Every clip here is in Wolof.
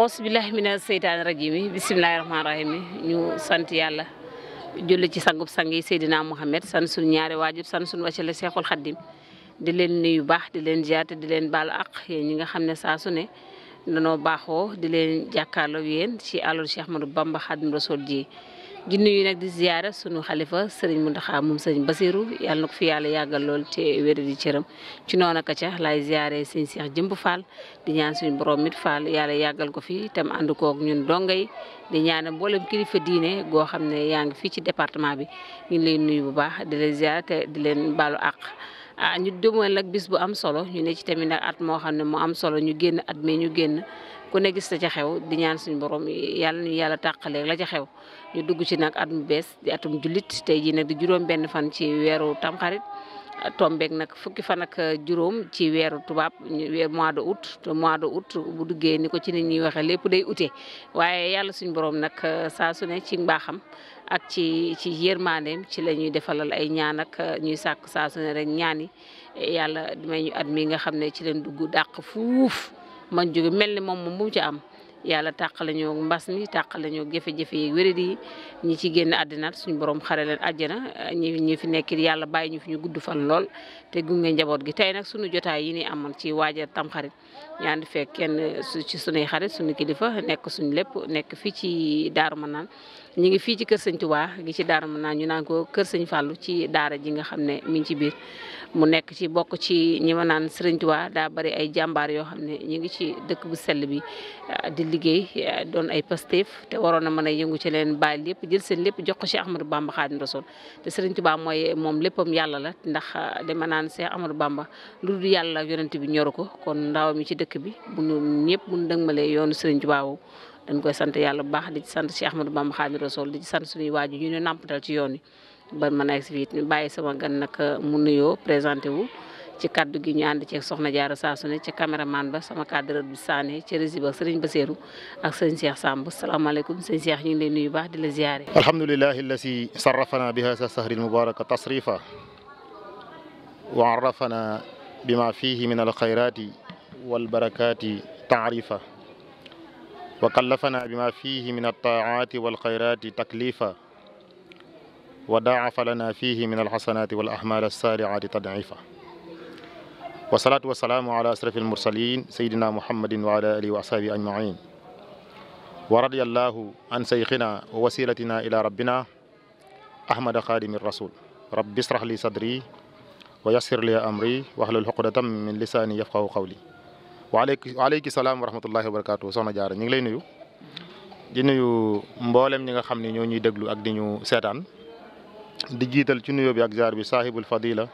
awsu billahi mi seytaani rajim yi bisimilahi rahmaani rahim ñu sant yàlla julli ci sangub sang yi Seydina Mouhamed sant suñu ñaari waajur sant suñu wàccale Seexul Xaddim di leen nuyu baax di leen ziyaar di leen baalu ak yéen ñi nga xam ne saa su ne danoo baaxoo di leen jàkkaarloo yéen ci àlul Cheikh Ahmadou Bamba Xaadimu Rasuul ji di nuyu nag di ziyaara sunu xalifa sëriñ Muntaxa moom sëriñ Basiru yàlla na ko fi yàlla yàggal lool te wér di cëram ci noona ak ca laay ziyaare sëñ Seex Jëmb faal di ñaan suñu borom mit Fall yàlla yàggal ko fi tam ànd koog ñun donga yi di ñaanal mboolem kilifa diine goo xam ne yaa ngi fii ci département bi ñu ngi nuyu bu baax di leen ziyaara te leen baalu àq. ah ñu demoon nag bis bu am solo ñu ne ci tamit nag at moo xam ne mu am solo ñu génn at mais ñu génn ku ne gis la ca di ñaan suñu borom yàlla ñu yàlla tàqaleeg la ca xew. ñu dugg ci nag at mu bees di atum jullit tey jii nag di juróom benn fan ci weeru tamxarit tombeek nag fukki fan ak juróom ci weeru tubaab weeru mois de août mois de août bu duggee ni ko ci ni ñuy waxee lépp day ute waaye yàlla suñ borom nag saa su ne ci mbaaxam ak ci ci yërmandeem ci la ñuy defalal ay ñaan ñuy sàkk saa su rek ñaani yi yàlla may ñu at mi nga xam ne ci leen dugg dàq fuuf man jóge mel ni moom moom bu ci am. yàlla tàqale ñoo mbas mi tàqale ñoo jafe-jafe yi wérad yi ci génn àddinaat suñ borom xare leen àjjana ñi ñi fi nekk yàlla bàyyi ñu fi ñu gudd fan lool te gunge njaboot gi tey nag suñu jotaay yi ni amoon ci waajal tamxarit ñaan di fekk kenn ci suñuy xarit suñu kilifa nekk suñu lépp nekk fii ci Daaru Manaan ñu ngi fii ci kër sëñ Tuubaa gi ci Daaru Manaan ñu naan ko kër sëñ Fàllu ci daara ji nga xam ne mi ngi ci biir mu nekk ci bokk ci ñi ma naan Serigne Touba daa bari ay jàmbaar yoo xam ne ñu ngi ci dëkk bu sell bi ah, di liggéey ah, doon ay Pastef te waroon na mën a yëngu ci leen bàyyi lépp jël seen lépp jox ko Cheikh Ahmadou Bamba Khadim Rassoul te Serigne Touba mooy moom léppam yàlla la ndax ah, dama naan Cheikh Ahmadou Bamba lu yàlla yonent bi ñoru ko kon ndaw mi ci dëkk bi bu ñu ñëpp bu ñu dëgmalee yoonu Serigne Touba woowu koy sant yàlla bu baax di ci sant Cheikh Ahmadou Bamba Khadim Rassoul di ci sant suñuy waaju ñu ne nàmpatal ci yoon wi ba mën a egsi fii ñu bàyyi sama gan nag euh, mu nuyoo présenté wu ci kaddu gi ñu ànd ceeg soxna jaara saasu ne ci caméraman ba sama cadreur bi Sané ci régie ba sëriñ Bassirou ak sëñ Cheikh Samb salaamaaleykum sëñ Cheikh ñu ngi lay nuyu baax di la ziare alhamdulilahi allasi sarrafana bi hasa sahri almubaraka tasrifa wa arrafana bima fihi min alxayrati walbarakati taarifa wa kallafana bima fihi min altaati walxayrati taklifa wa daafa lana fihi min alxasanati wal ahmal alsaaliati tadifa wasalaatu wasalaamu ala asrafi almursalin sayidina muhammadin wa ala alihi wa ashaabi ajmain wa radi an sayxina wa wasilatina ila rabbina ahmada xaadimi rasul rabbi israh li sadri wa yassir li amri wahlul xuqdatam min lisaani yafqahu qawli waaleyk waaleyki salaam wa rahmatullahi wa barakatuh soxna jaara ñu ngi lay nuyu mboolem ñi nga xam ne ñoo ñuy déglu ak di ñu seetaan di jiital ci nuyoo bi ak ziar bi saahibul fadila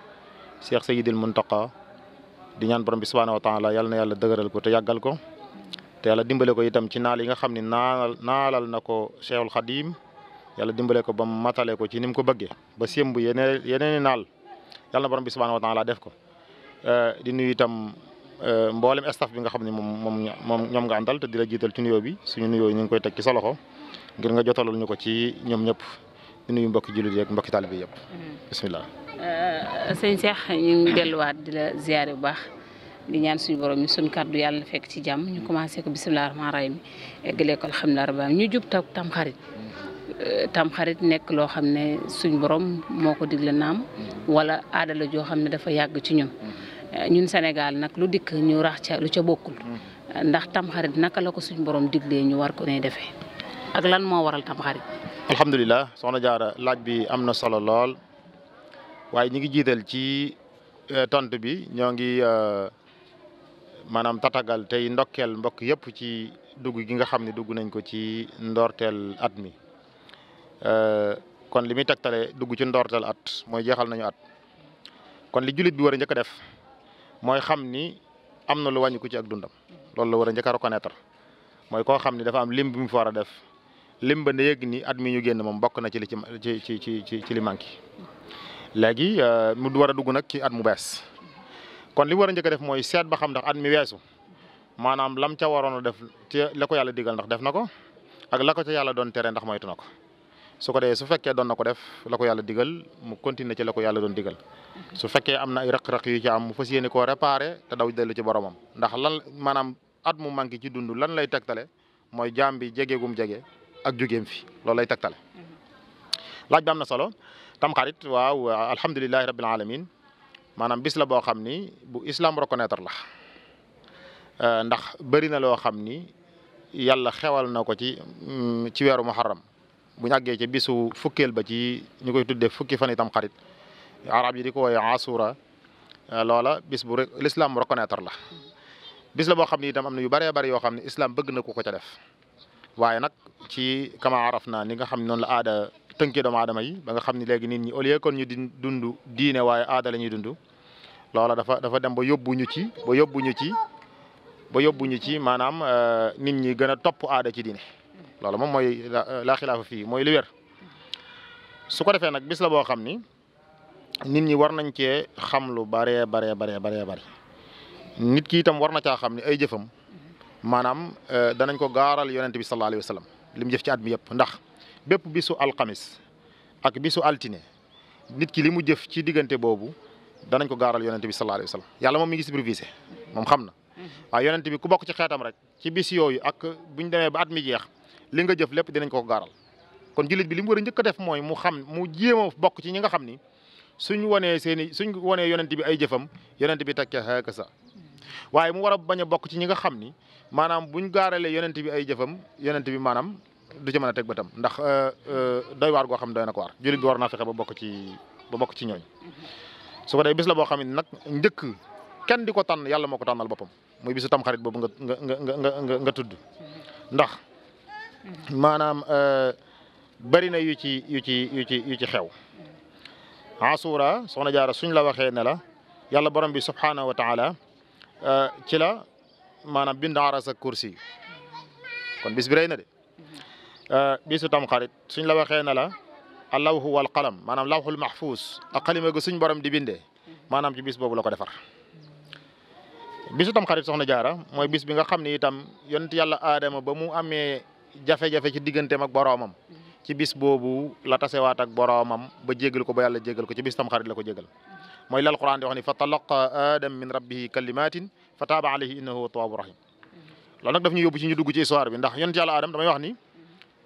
cheikh sayidil muntaqa di ñaan borom bi subhaanahu wa taala yal na yàlla dëgëral ko te yàggal ko te yàlla dimbale ko itam ci naal yi nga xam ne naal naalal na ko cheikhul xadim yàlla dimbale ko ba mu matale ko ci ni ko bëggee ba sémb yeneen yeneen i naal yal na borom bi def ko di nuyu itam mboolem staff bi nga xam ne moom moom moom ñoom nga àndal te di la jiital ci nuyoo bi suñu nuyoo ñu ngi koy teg ci sa ngir nga ko ci ñoom di nuyu mbokki jullit yeeg mbokki taalibe yi yëpp. Mm-hmm. bisimilah. Uh, sëñ Cheikh ñu delluwaat di la ziare bu baax di ñaan suñ borom mi suñu kàddu yàlla fekk ci jàmm ñu mm-hmm. commencé ko bisimilah rahmaani rahiim eggalee ko alhamdulilah ñu jub toog tam xarit. Mm-hmm. nekk loo xam ne suñ borom moo ko digle naam wala aadala la joo xam ne dafa yàgg ci ñun ñun Sénégal nag lu dikk ñu rax ca lu ca bokkul ndax tam xarit naka la ko suñ borom diglee ñu war ko ne defee ak lan moo waral tam xarit alhamdulilah soxna jaara laaj bi am na solo lool waaye ñi ngi jiital ci euh, tontu bi ñoo ngi euh, maanaam tatagal tey ndokkeel mbokk yëpp ci dugg gi nga xam ne dugg nañ ko ci ndorteel at mi euh, kon li muy tegtale dugg ci ndorteel at mooy jeexal nañu at kon li jullit bi war a njëkk def mooy xam ni am na lu wàññi ko ci ak dundam la war a njëkk a reconnaître mooy koo xam ni dafa am lim bi mu fa a def lim ba ne yëg ni at mi ñu génn moom mbokk na ci li ci ci ci ci ci li manqué léegi euh, mu war a dugg nag ci at mu bees kon li war a njëkk def mooy seet ba xam ndax at mi weesu maanaam lam ca waroon a def ci la ko yàlla digal ndax def na ko ak la yàlla doon tere ndax moytu na ko su ko dee su fekkee doon na ko def la ko yàlla digal mu continuer ci la ko yàlla doon digal su fekke am na ay raq-raq yu ci am mu fas yéene koo réparé te daw dellu ci boromam ndax lan maanaam at mu manqué ci dund lan lay tegtale mooy jaam bi jege gum jege ak jógeem fi loolu lay tegtale laaj bi am na solo tamxarit waaw alhamdulilahi rabbil alamin maanaam bis la boo xam ni bu islam reconnaître la euh, ndax bëri na loo xam ni yàlla xewal na ko ci mm, ci weeru muharram bu ñu ci bisu fukkeel ba ci ñu koy tuddee fukki fan itam xarit arab yi di ko woowee euh, loola bis bu l'islam reconnaître la bis la boo xam ni itam am na yu bëree bëri yoo xam ne islam bëgg na ku ko ca def waaye nag ci kama araf naa ni nga xam ne noonu la aada tënkee doomu aadama yi ba nga xam ni léegi nit ñi au kon ñu di dund diine waaye aada la ñuy dund loola dafa dafa dem ba yóbbu ñu ci ba yóbbu ñu ci ba yóbbu ci maanaam euh, nit ñi gën a topp aada ci diine loolu moom mooy laa xilaafa fii mooy li wér su ko defee nag bis la boo xam ni nit ñi war nañ cee xam lu baree bare baree baree nit ki itam war na caa xam ni ay jëfam maanaam euh, danañ ko gaaral yonent bi sallallahu alayhi wa sallam li mu jëf ci at mi yëpp ndax bépp bisu alxamis ak bisu altine nit ki li mu jëf ci diggante boobu danañ ko gaaral yonent bi sallallahu alayhi wa sallam yàlla moom mi ngi supervisé moom xam na mhm. waaye yonent bi ku bokk ci xeetam rek ci bis yooyu ak buñ demee ba at mi jeex li nga jëf lépp danañ ko gaaral kon jullit bi li mu war a njëkk def mooy mu xam mu jéem bokk ci ñi nga xam ni suñ wonee seen i suñ wonee yonent bi ay jëfam yonent bi teg ca sa waaye mu wara a bañ a bokk ci ñi nga xam ni maanaam buñ gaaralee yonent bi ay jëfam yonent bi maanaam du ci mën a teg bëtam ndax euh, euh, doy waar goo xam doy na ko waar jullit bi war naa fexe ba bokk ci ba bokk ci ñooñ su ko dee bis la boo xam ne nag njëkk kenn di ko tànn yàlla moo ko tànnal boppam muy bisu tamxarit boobu nga nga nga nga nga tudd ndax maanaam euh, bari na yu ci yu ci yu ci yu ci xew asuura na jaara suñ la waxee ne la yàlla borom bi subhaanahu wa taala cila la maanaam bind aras ak kursi kon bis bi rëy na de mhm. euh, bisu tamxarit suñ la waxee na la allawhu wal qalam maanaam lawhul mahfuus ak xalima gu suñ borom di bindee mhm. maanaam ci bis boobu la ko defar bisu tamxarit soxna jaara mooy bis bi nga xam ni itam yonent yàlla aadama ba mu amee jafe-jafe ci digganteem ak boroomam mhm. ci bis boobu la tasewaat ak boroomam ba jégal ko ba yàlla jégal ko ci bis tamxarit la ko jégal mooy lal quran di wax ni fa talaqa adam min rabbihi kalimatin fa taaba alayhi innahu tawaabu rahim loolu nag daf ñu yóbbu ci ñu dugg ci histoire bi ndax yonent yàlla adam damay wax ni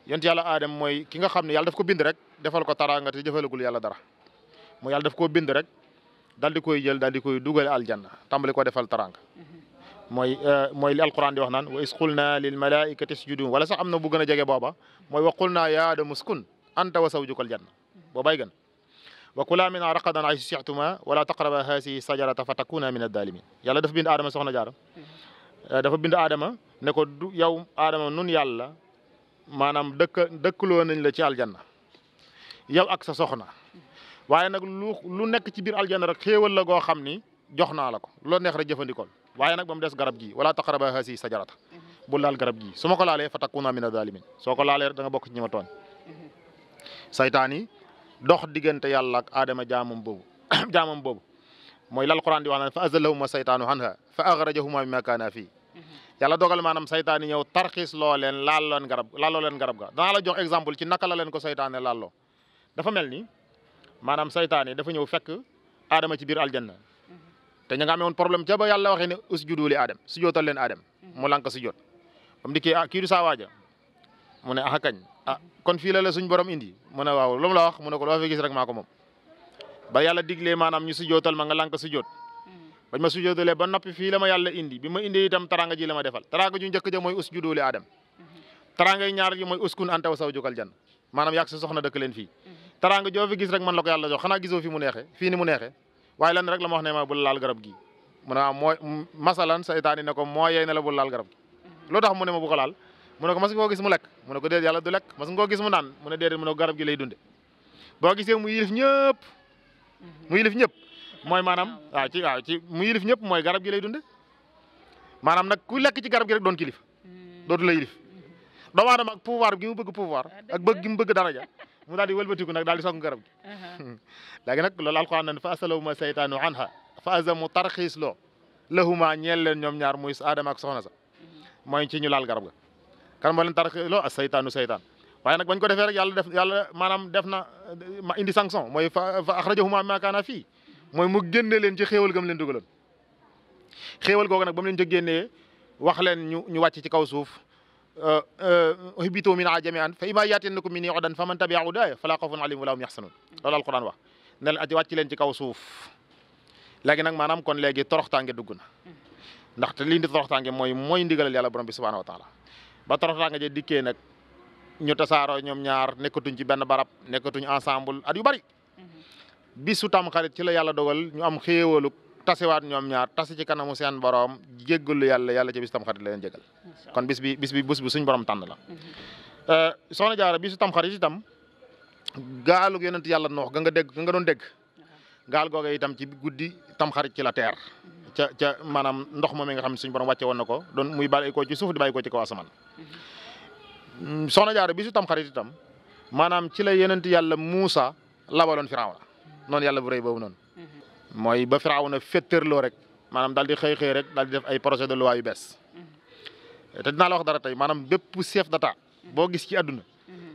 yonent yàlla adam mooy ki nga xam ne yàlla daf ko bind rek defal ko taraanga te jëfalagul yàlla dara mooy yàlla daf koo bind rek dal di koy jël dal di koy dugale aljanna tàmbali ko defal taraanga mooy eh, mooy li alquran di wax naan wa is qulna lil malaikati isjudu wala sax am na bu gën a jege booba mooy wa qulna ya adamu uskun anta wa zawjuka aljanna boo bay gën wa kulaa minhaa raqadan haysu shi'tumaa wa laa taqrabaa haadihi shajarata fa takuunaa mina zzaalimiin yàlla dafa bind aadama soxna jaara dafa bind aadama ne ko du yow aadama nun yàlla maanaam dëkk dëkkaloo nañ la ci aljanna yow ak sa soxna waaye nag lu lu nekk ci biir aljanna rek xéewal la goo xam ni jox naa la ko loo neex rek jëfandikool waaye nag ba des garab gii wala taqraba haasi sajarata mhm. bu laal garab gii su ma ko laalee fa takuuna mina zaalimiin soo ko laalee rek da nga bokk ci ñi dox diggante yàlla ak aadama jaamam boobu jaamam boobu mooy lal quran di wax naan fa azallahuma saytaanu anha fa axrajahuma mimma kaana fii mhm. yàlla dogal maanaam saytaan yi ñëw tarxiis loo leen laal leen garab laaloo leen garab ga danaa la jox exemple ci naka la leen ko saytaane laalloo dafa mel ni maanaam saytaan yi dafa ñëw fekk aadama ci biir aljanna mhm. te ña nga amee problème ca ba yàlla waxee ne usjudu li aadam sujootal leen aadam mhm. mu lànk sujjoot am di kii ah kii du saa waaja mu ne ah ah kon fii la la suñ borom indi mu ne waaw lu mu la wax mu ne ko loo fi gis rek maa ko moom ba yàlla diglee maanaam ñu sujootal ma nga lànk sujoot hmm. bañ ma sujootalee ba noppi fii la ma yàlla indi bi ma indi itam taranga ji la ma defal taranga ju njëkk ja mooy usjudu li aadam hmm. taranga yi ñaar ji mooy uskun anta wa zawjukal janna maanaam yàgg sa soxna dëkk leen fii hmm. taranga joo fi gis rek man la yàlla jox xanaa gisoo fi mu neexe fii ni mu neexe waaye la ma wax ne ma bul laal garab ne ko mooyee ne la bul laal garab gi lu ma laal mu ne ko mas nga gis mu lekk mu ne ko déet yàlla du lekk mas nga koo gis mu naan mu ne déedéet mu ne ko garab gi lay dunde boo gisee mu yilif ñëpp mu yilif ñëpp mooy maanaam waaw ci ci mu yilif ñëpp mooy garab gi lay dunde maanaam nag ku lekk ci garab gi rek doon kilif hmm. dootu la yilif doomu aadama ak pouvoir gi mu bëgg pouvoir ah, ak bëgg gi mu bëgg daraja mu daal di wëlbatiku nag daal di song garab léegi nag loolu alquran nan fa asalahuma saytaanu anha fa azamu tarxiis loo lahuma ñeel leen ñoom ñaar muy aadama ak soxna sa hmm. mooy ci ñu laal garab ga kan moo leen tarxiloo a saytaanu saytaan waaye nag bañ ko defee rek yàlla def yàlla maanaam def na ma indi sanction mooy fa fa axrajahuma mimmaa kaanuu fi mooy mu génne leen ci xéewal gam leen dugaloon xéewal googu nag ba mu leen ca génnee wax leen ñu ñu wàcc ci kaw suuf euh, euh, uhbituu minhaa jamii'an fa immaa ya'tiyannakum minnii hudan faman tabi'a hudaaya falaa xawfun alayhim wa laa hum yaxzanuun loolu alquran wax ne leen wàcc leen ci kaw suuf léegi nag maanaam kon léegi toroxtaange dugg na ndaxte lii ndi toroxtaange mooy mooy ndigalal yàlla borom bi subhaanahu wa taala ba toroxtaa nga je dikkee nag ñu tasaaroo ñoom ñaar nekkatuñ ci benn barab nekkatuñ ensemble at yu bari mm-hmm. bisu tamxarit ci la yàlla dogal ñu am xéewalu tasewaat ñoom ñaar tase ci kanamu seen borom jéggalu yàlla yàlla ci bisu tamxarit la leen jégal kon bis bi bis bi bés bu suñ borom tànn la mm-hmm. eh, soxna jaara bisu tamxarit itam gaalug yonent yàlla noox ga nga dégg nga doon dégg gaal googe itam ci guddi tamxarit ci la teer mm-hmm. ca ca maanaam ndox moom mi nga xam ne suñu borom wàcce woon na ko doon muy bàyyi ko ci suuf di bàyyi ko ci kaw asamaan mhm. mm, soxna jaara bi su tam xarit itam maanaam ci la yenent yàlla Muusa labaloon Firawna noonu yàlla bu rëy boobu noonu mhm. mooy ba Firawna féttërloo rek maanaam daal di xëy xëy rek dal di def ay projet de loi yu bees mhm. te dinaa la wax dara tey maanaam bépp chef d'état boo gis ci àdduna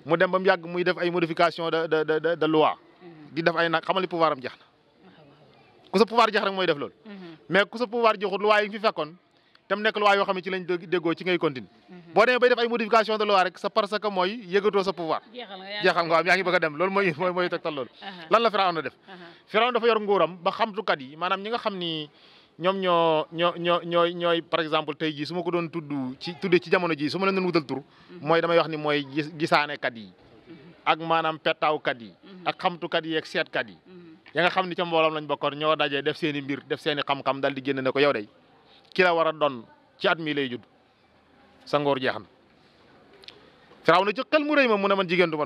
mu dem ba mu yàgg muy def ay modification de de de de loi di def ay nag xamal ni pouvoir am mooy def loolu mais ku sa pouvoir joxul loi yi nga fi fekkoon tam nekk loi yoo ci lañ déggoo ci ngay continue mhm. boo demee bay def ay modification de loi rek sa parce que mooy yëgatoo sa pouvoir jeexal nga am yaa ngi bëgg a dem loolu mooy mooy mooy tegtal loolu lan la Firawna def Firawna dafa yor nguuram ba xamtukat yi maanaam ñi a xam ni ñoom ñoo ñoo ñooy ñooy par exemple tey jii suma ko doon tudd ci tuddee ci jamono jii su ma leen doon wutal tur mhm. mooy damay wax ni mooy gisaanekat yi mhm. ak maanaam pettaaw kat yi ak xamtukat yi ak seetkat yi ya nga xam ni ca mbooloom lañ bokkoon ñoo dajee def seeni i mbir def seen i xam daal di génn ne ko yow day ki la war a doon ci at mi lay judd sa ngóor jeexan firaw na ci xel mu rëy ma mun ne man jigéen du ma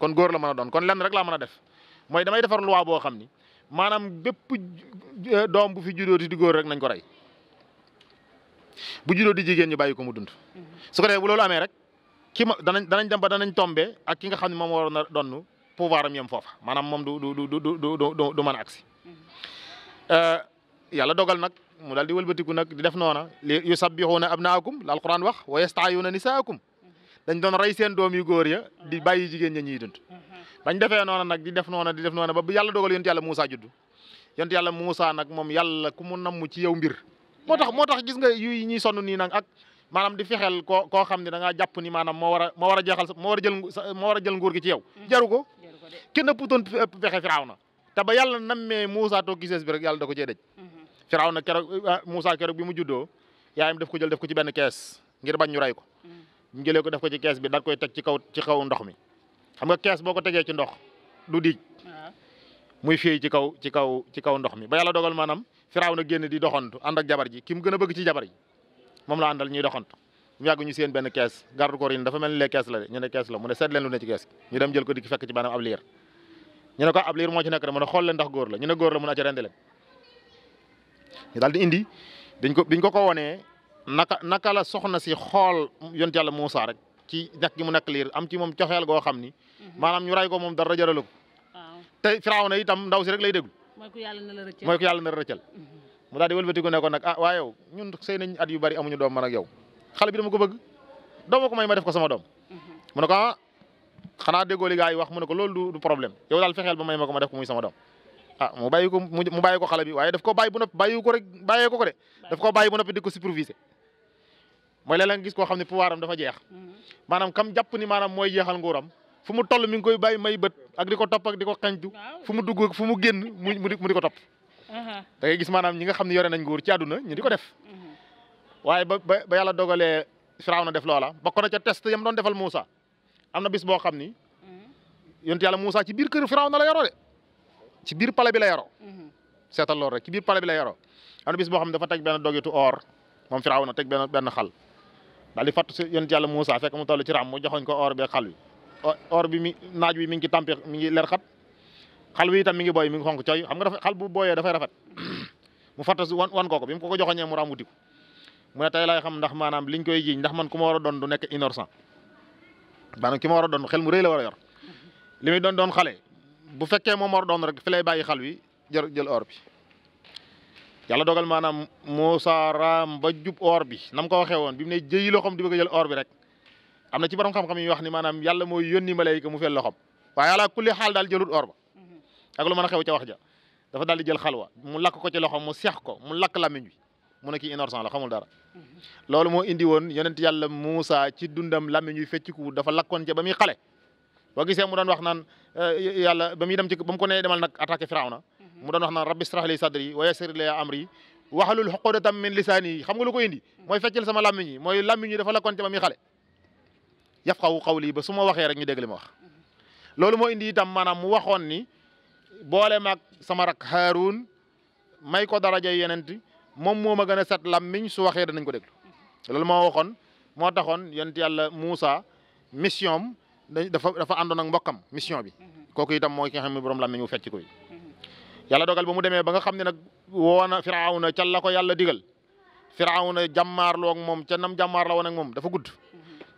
kon góor la mën a doon kon lenn rek laa mën a def mooy damay defar loi boo xam ni maanaam bépp eh, doom bu fi judooti di góor rek nañ ko rey bu judooti jigéen ñu bàyyi ko mu dund. Mhm. su ko defee bu loolu amee rek ki ma danañ danañ dem ba danañ tombé ak ki nga xam ne moom waroon a pouvoir am yem foofa maanaam moom du du du du du du mën a agsi mhm. euh, yàlla dogal nag mu daal di wëlbatiku nag di def noona li yusabbihuna abnaakum la alquran wax wa yastaayuna nisaakum mhm. dañ doon rey seen doom yu góor ya mhm. di bàyyi jigéen ña ñuy dund bañ defee noona nag di def noona di def noona ba yàlla dogal yonent yàlla Muusa juddu yonent yàlla Muusa nag moom yàlla ku mu namm ci yow mbir moo tax moo tax gis nga yu ñuy sonn nii nag ak maanaam di fexeel koo koo xam ne da ngaa jàpp ni maanaam moo war a war a jeexal moo war a moo a jël nguur gi ci yow kenn puutoon pexe Firawna te ba yàlla nammee Moussa toog gisees bi rek yàlla da ko cee dëj mm-hmm. Firawna keroog eh, eh, Moussa keroog bi mu juddoo yaayam daf ko jël def ko ci benn kees ngir bañ ñu rey ko ñu mm-hmm. ko def ko ci kees bi daal koy teg ci kaw ci kaw ndox mi xam nga kees boo ko tegee ci ndox du diij ah. muy fii ci kaw ci kaw ci kaw ndox mi ba yàlla dogal maanaam Firawna génn di doxantu ànd ak jabar ji ki mu gën a bëgg ci jabar ji moom la àndal ñuy doxantu bu yàgg ñu seen benn kees garde corps yi dafa mel ni lee kees la de ñu ne kees la mu ne seet leen lu ne kees ñu dem ab liir ñu ko ab moo ci nekk de mu xool leen a ci rendi leen ñu daal di indi dañ ko biñ ko ko wonee naka naka la soxna si xool yont yàlla Moussa rek ci ñàkk gi mu nekk liir am ci moom coxeel goo xam ni mhm. maanaam ñu ray ko moom dara jëralu ko te na itam ndaw si rek lay déglu mooy ku yàlla na la rëccal mooy ku yàlla na la rëccal mhm. mu daal di wëlbatiku ne ko nag ah waaye yow ñun sëy nañ at yu bari amuñu doom ma ak yow xale bi dama ko bëgg dama ko may ma def ko sama doom mm-hmm. mu ne ko ah xanaa déggoo li yi wax mu ne ko loolu du problème yow daal fexeel ba may ma ma def ko muy sama doom ah mu bàyyi ko mu bàyyi ko xale bi waaye daf koo bàyyi bu noppi bàyyi ko rek bàyyee ko ko de daf koo bàyyi bu noppi di ko superviser mooy léeg-léeg gis koo xam ne pouvoir am dafa jeex mm-hmm. maanaam kam jàpp ni maanaam mooy jeexal nguuram fu mu toll mi ngi koy bàyyi may bët ak di ko topp ak di ko fu mu dugg fu mu génn mu di ko topp uh-huh. da gis maanaam ñi nga xam ne yore nañ nguur ci àdduna ñu di ko def mm-hmm. waaye ba ba yàlla dogalee na def loola bokk na ca test yam doon defal Moussa am na bis boo xam ni mm-hmm. yonent yàlla Moussa ci biir kër Firawna la yoroo de ci biir pale bi la yoroo mm-hmm. seetal loolu rek ci biir pale la yoroo am na bis boo xam ne dafa teg benn dogitu or moom Firawna teg benn benn xal daal di fàttu si yonent yàlla Moussa fekk mu toll ci ram mu joxoñ ko or bi xal wi or bi mi naaj wi mi ngi ci tampi mi ngi leer xat xal wi itam mi ngi booy mi ngi xonk cooy xam nga dafa xal bu booyee dafay rafet mm-hmm. mu fàttu si wan wan ko bi mu ko ko joxoñee mu ram wuti mu ne tey xam ndax maanaam liñ koy jiiñ ndax man ku ma war a doon du nekk innocent maanaam ki ma war a doon xel mu rey la war yor li muy doon doon xale bu fekke moom war a doon rek fi lay bàyyi xal wi jël jël or bi yàlla dogal maanaam Moussa raam ba jub or bi na ko waxee woon bi mu ne jëyi loxoom di bëgg a jël or bi rek am na ci borom xam-xam yi wax ni maanaam yàlla mooy yónni malayka mu fel loxoom waaye ala kulli xaal daal jëlut or ba mhm. ak lu mën a xew ca wax ja dafa daal di jël xalwa mu lakk ko ci loxoom mu seex ko mu lakk lamiñ bi mu ne kii innocent la xamul dara loolu moo indi woon yonent yàlla Muusa ci dundam làmmiñ wi fecciku dafa lakkoon ca ba muy xale boo gisee mu doon wax naan eh, yalla ba muy dem ci ba mu ko nee demal nag attaqué Firawna mhm. mu doon wax naan rabbi israh li sadri wa yassir li amri waxalul xoqodatam min lisaani xam nga lu ko indi mhm. mooy feccal sama làmmiñ mooy làmmiñ yi dafa lakkoon ca ba muy xale yafqahu qawli ba su ma waxee rek ñu dégg li ma mhm. loolu moo indi tam maanaam mu waxoon ni boole maag sama rak Haarun may ko daraja yenent moom moo ma gën a set làmmiñ su waxee danañ ko déglu loolu moo waxoon moo taxoon yonent yàlla Moussa mission am dafa dafa àndoon ak mbokkam mission bi kooku itam mooy ki xam ne borom làmmiñ wu fecc ko yi yàlla dogal ba mu demee ba nga xam ne nag woona Firawna ca la ko yàlla digal Firawna jàmmaarloo ak moom ca nam la woon ak moom dafa gudd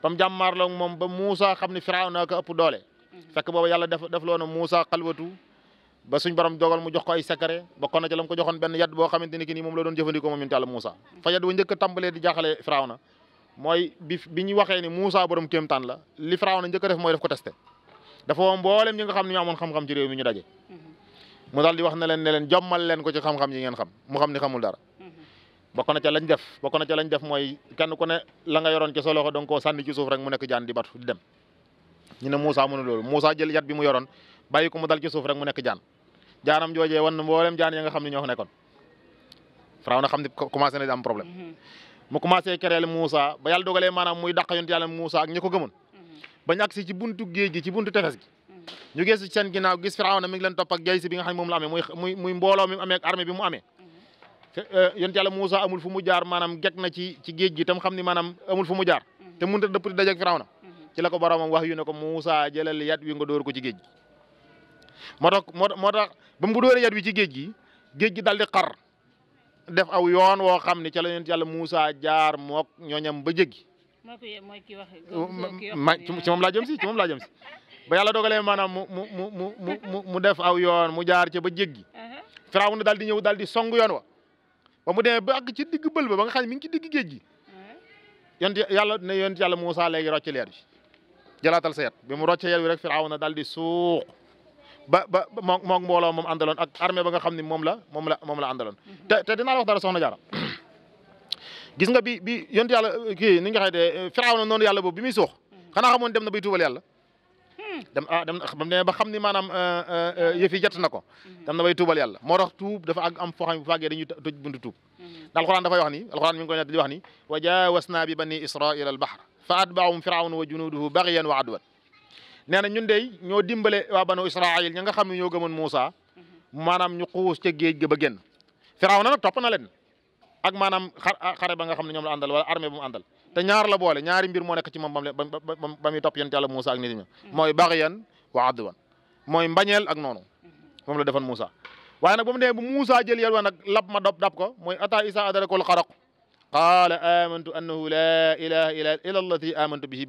ba mu jàmmaarloo moom ba Moussa xam ne Firawna ko ëpp doole fekk boobu yàlla def def loo na Moussa xalwatu ba suñ borom dogal mu jox ko ay secret bokkoon na ci ko joxoon benn yat boo xamante ki nii moom a tàmbalee di jaaxale Firawna mooy bi bi ñu waxee ni Moussa borom kéemtaan la a def mooy xam ne ñu amoon xam-xam mm-hmm. wax ne leen ne leen jommal leen ko ci xam yi ngeen xam mu xam ni xamul dara mm-hmm. bokk na ca def bokk na ca lañ def mooy kenn ku ne la nga yoroon ci sa loxo danga koo sànni ci suuf jaan di batu di dem ñu loolu Moussa jël yat bi mu yoroon bàyyi ko mu dal ci suuf rek mu nekk jaan jaanam joojee wan na mboolem jaan ya nga xam ne ñoo fa nekkoon Firawna xam ne commencé na am problème mhm. mu commencé kereel Moussa ba yàlla dogalee maanaam muy dàq yonent yàlla Moussa ak mhm. ci buntu géej gi ci gi mhm. ñu gis ci seen ginnaaw gis Firawna mi ngi leen topp mu amee ak armée bi euh, amul fu mu jaar maanaam gek na ci ci géej gi tam xam ne maanaam amul fu mu jaar te mënut a dëpp di dajeeg Firawna ci la ko boromam wax yu ne ko Moussa jëlal yat wi nga dóor ko ci géej moo tax moo ta ba mu dóoree yat wi ci géej gi géej gi daal di xar def aw yoon woo xam ne ca la yonent yàlla Moussa jaar mook ñooñam ba jéggi. mooy ki wax ah. ci moom laa jëm si moom laa jëm si. ba yàlla dogalee maanaam mu mu mu mu mu def aw yoon mu jaar ca ba jéggi. Uh-huh. Firawna daal di ñëw daal di song yoon wa ba mu demee ba àgg ci digg bël ba ba nga xam ne mi ngi ci digg géej gi. Uh-huh. yonent yàlla ne yonent yàlla Moussa léegi rocc leer bi jëlaatal sa yat bi mu rocc leer rek Firawna daal di ba ba moom moom mbooloo moom àndaloon ak ba nga xam ni moom la moom la moom la àndaloon. Mhm. te te dinaa la wax soxna Jaara gis nga bi bi yonent yàlla kii ni nga xam ne eh, Firawna noonu yàlla boobu bi muy suux mhm. xanaa xamoon dem na bay tuubal yàlla. Hmm. dem ah dem na ba xam ni maanaam eh, eh, yëf yi na ko. Mhm. dem na bay tuubal yàlla moo tax tuub dafa am foo xam ne bu faagee dañuy toj buntu tuub. ndax alxuraan dafay wax ni alxuraan mi ngi koy nett di wax ni. wa jaawasnaa bi bani israila al bahr fa atbaahum firawnu wa junuduhu bagiyan wa adwan nee na ñun dey ñoo dimbale waa banu israil ña nga xam ne ñoo gëmoon Moussa maanaam ñu xuus ca géej ga ba génn Firawna nag topp leen ak maanaam ah, xare ba nga xam ne ñoom la àndal wala armée bu mu àndal ñaar la boole ñaari mbir moo nekk ci moom bam bam ba muy topp yonent yàlla Moussa ak nit mooy baxiyan wa adwan mooy mbañeel ak noonu moom la defoon Moussa waaye nag ba mu nee bu Moussa jël yar wa nag lab ma dop dab ko mooy ata isa adrakul xaraq qaala amantu annahu la ilaha illa illa allati amantu bihi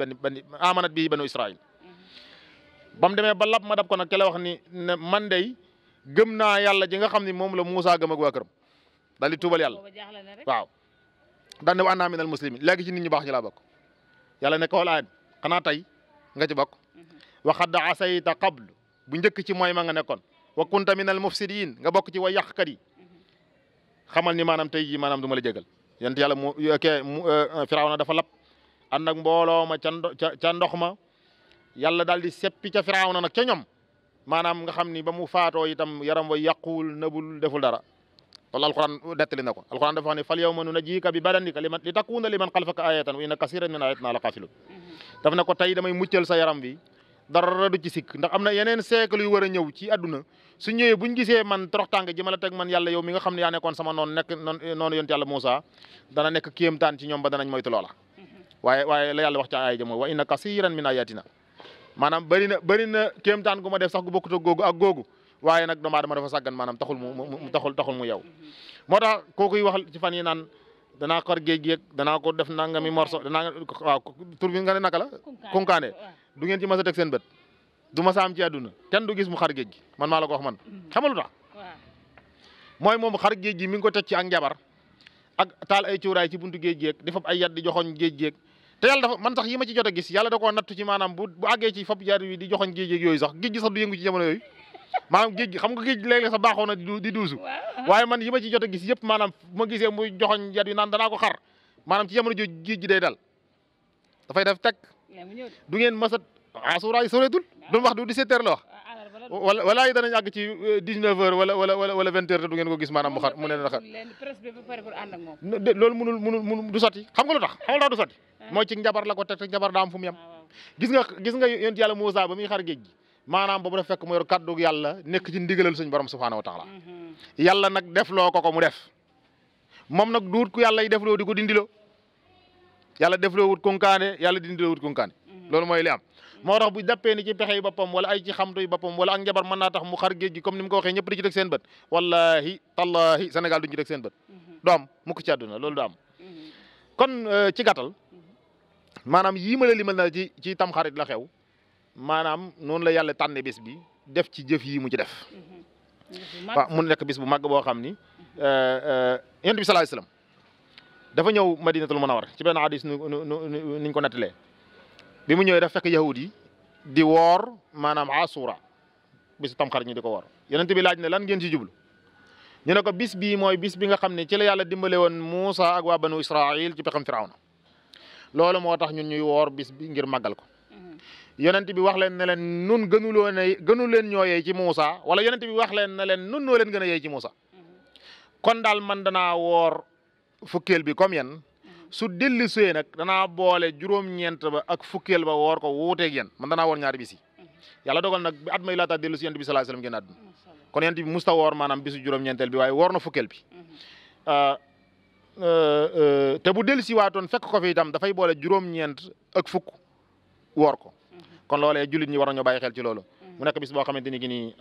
ba demee ba lap ma dab ko nag ke la wax ni ne man dey gëm naa yàlla ji nga xam ni moom la Moussa gëm ak waa këram daal di tuubal yàlla waaw daan ne wa ana minal muslimin léegi ci nit ñu baax ñu bokk yàlla ne ko wala xanaa tey nga ci bokk mhm. wa qad asayta qablu bu njëkk ci mooy ma nga nekkoon wa kunta minal mufsidin nga bokk ci wa yàqkat yi mhm. xamal ni maanaam tey jii maanaam du ma la jégal yent yàlla mu ke eh, Firawna dafa lab an ak mbooloo ma ca ca ndox ma yalla daal di seppi ca firawna nag ca ñoom maanaam nga xam ni ba mu faatoo itam yaram wa yàquwul nëbul deful dara loolu alquran dettali na ko alquran dafa wax ne fal yawma nunajjika bi badanika na mhm. am na yeneen siècle yu war a ñëw ci àdduna su ñëwee buñ gisee man torox tàng ji ma la teg mi nga xam ne yaa nekkoon sama noonu nekk noonu yonent yàlla Moussa dana nekk kéemtaan ci ñoom ba danañ moytu loola mhm. waaye la yàlla wax ca aaya ja mooy wa inna kasiran min ayatina maanaam bëri na bëri na kéemtaan gu ma def sax gu bokkut ak googu waaye nag doomu aadama dafa sàggan maanaam taxul mu mu taxul taxul mu yow moo tax kookuy wax ci fan yi naan danaa xar géej gi danaa ko def nangami morso danaa waaw tur bi nga ne naka la kunkaane du ngeen ci mas teg seen bët du mas a am ci àdduna kenn du gis mu xar géej gi man maa la ko wax man mm-hmm. xamalu tax mooy moom xar géej gi mi ngi ko teg ci ak njabar ak taal ay cuuraay ci buntu géej géeg di fab ay yat di joxoñ géej géeg te yàlla dafa man sax yi ma ci jot a gis yàlla da koo nattu ci maanaam bu bu àggee ci fab jaar wi di joxoñ géej géej yooyu sax géej gi sax du yëngu ci jamono yooyu maanaam géej gi xam nga géej sax baaxoo di duusu waaye man yi ma ci jot a gis yëpp maanaam bu ma gisee muy joxoñ yat wi naan danaa ko xar maanam ci jamono jooju géej gi day dal dafay def teg du ngeen masa a ah, suuraay soreetul doon wax du 17 heures la wax ah, wala walaay danañ àgg ci euh, dix neuf heures wala wala wala vingt heures te du ngeen ko du sotti xam nga lu tax xam nga lu tax du sotti ah. mooy ci njabar la ko teg te njabar daa am fu mu yem ah, gis nga gis nga yonent yàlla Muusaa ba muy xar géej gi maanaam boobu dafa fekk mu yor kàddug yàlla nekk ci ndigalal suñ borom subhaanahu wa taala mm-hmm. nag def loo ko ko mu def moom nag duut ku yàlla yi def loo di ko dindiloo yàlla def loo wut kunkaane yàlla dindiloo wut kunkaane mm-hmm. loolu mooy moo tax bu jàppee ni ci pexe yi boppam wala ay ci xamtu yi boppam wala ak njabar man naa tax mu xar géej gi comme ni mu ko waxee ñëpp di ci teg seen bët wallahi tallahi Sénégal duñu ci teg seen bët mhm. du am mukk ci àdduna loolu mhm. kon euh, ci gàttal mhm. maanaam yii ma la limal na ci ci tamxarit la xew maanaam noonu la yàlla tànne bis bi def ci jëf yii mu ci def waaw mu nekk bis bu màgg boo xam ni euh, euh, yonent bi sallallahu alayhi wasallam dafa ñëw madinatul munawwar ci benn hadis nu nu niñ ko nettalee bi mu ñëwee dafa fekk yahud yi di woor maanaam asura bisu tamxar ñu di ko woor yonent bi laaj ne lan ngeen ci jublu ñu ne ko bis bii mooy bis bi nga xam ne ci la yàlla dimbale woon Muusa ak waa banu Israil ci pexam Firawna loolu moo tax ñun ñuy woor bis bi ngir màggal ko mhm. yonent bi wax leen ne leen nun gënuloo ne gënu leen ñoo yey ci Muusa wala yonent bi wax leen ne leen nun noo leen gën a yey ci Muusa mhm. kon daal man dana woor fukkeel bi comme yéen su delli suyee nag danaa boole juróom-ñeent ba ak fukkeel ba woor ko wuuteeg yéen man danaa woor ñaari bisi yi mhm. yàlla dogal nag at may laata dellu si bi sallallahu alayhi wasallam génn àdduna kon yent bi musta woor maanaam bisu juróom-ñeenteel bi waaye woor na fukkeel bi mhm. ah, ah, ah, te bu dellu si waatoon fekk ko fi itam dafay boole juróom-ñeent ak fukk woor ko mhm. kon loolee jullit ñi war nañoo bàyyi xel ci loolu mu nekk ni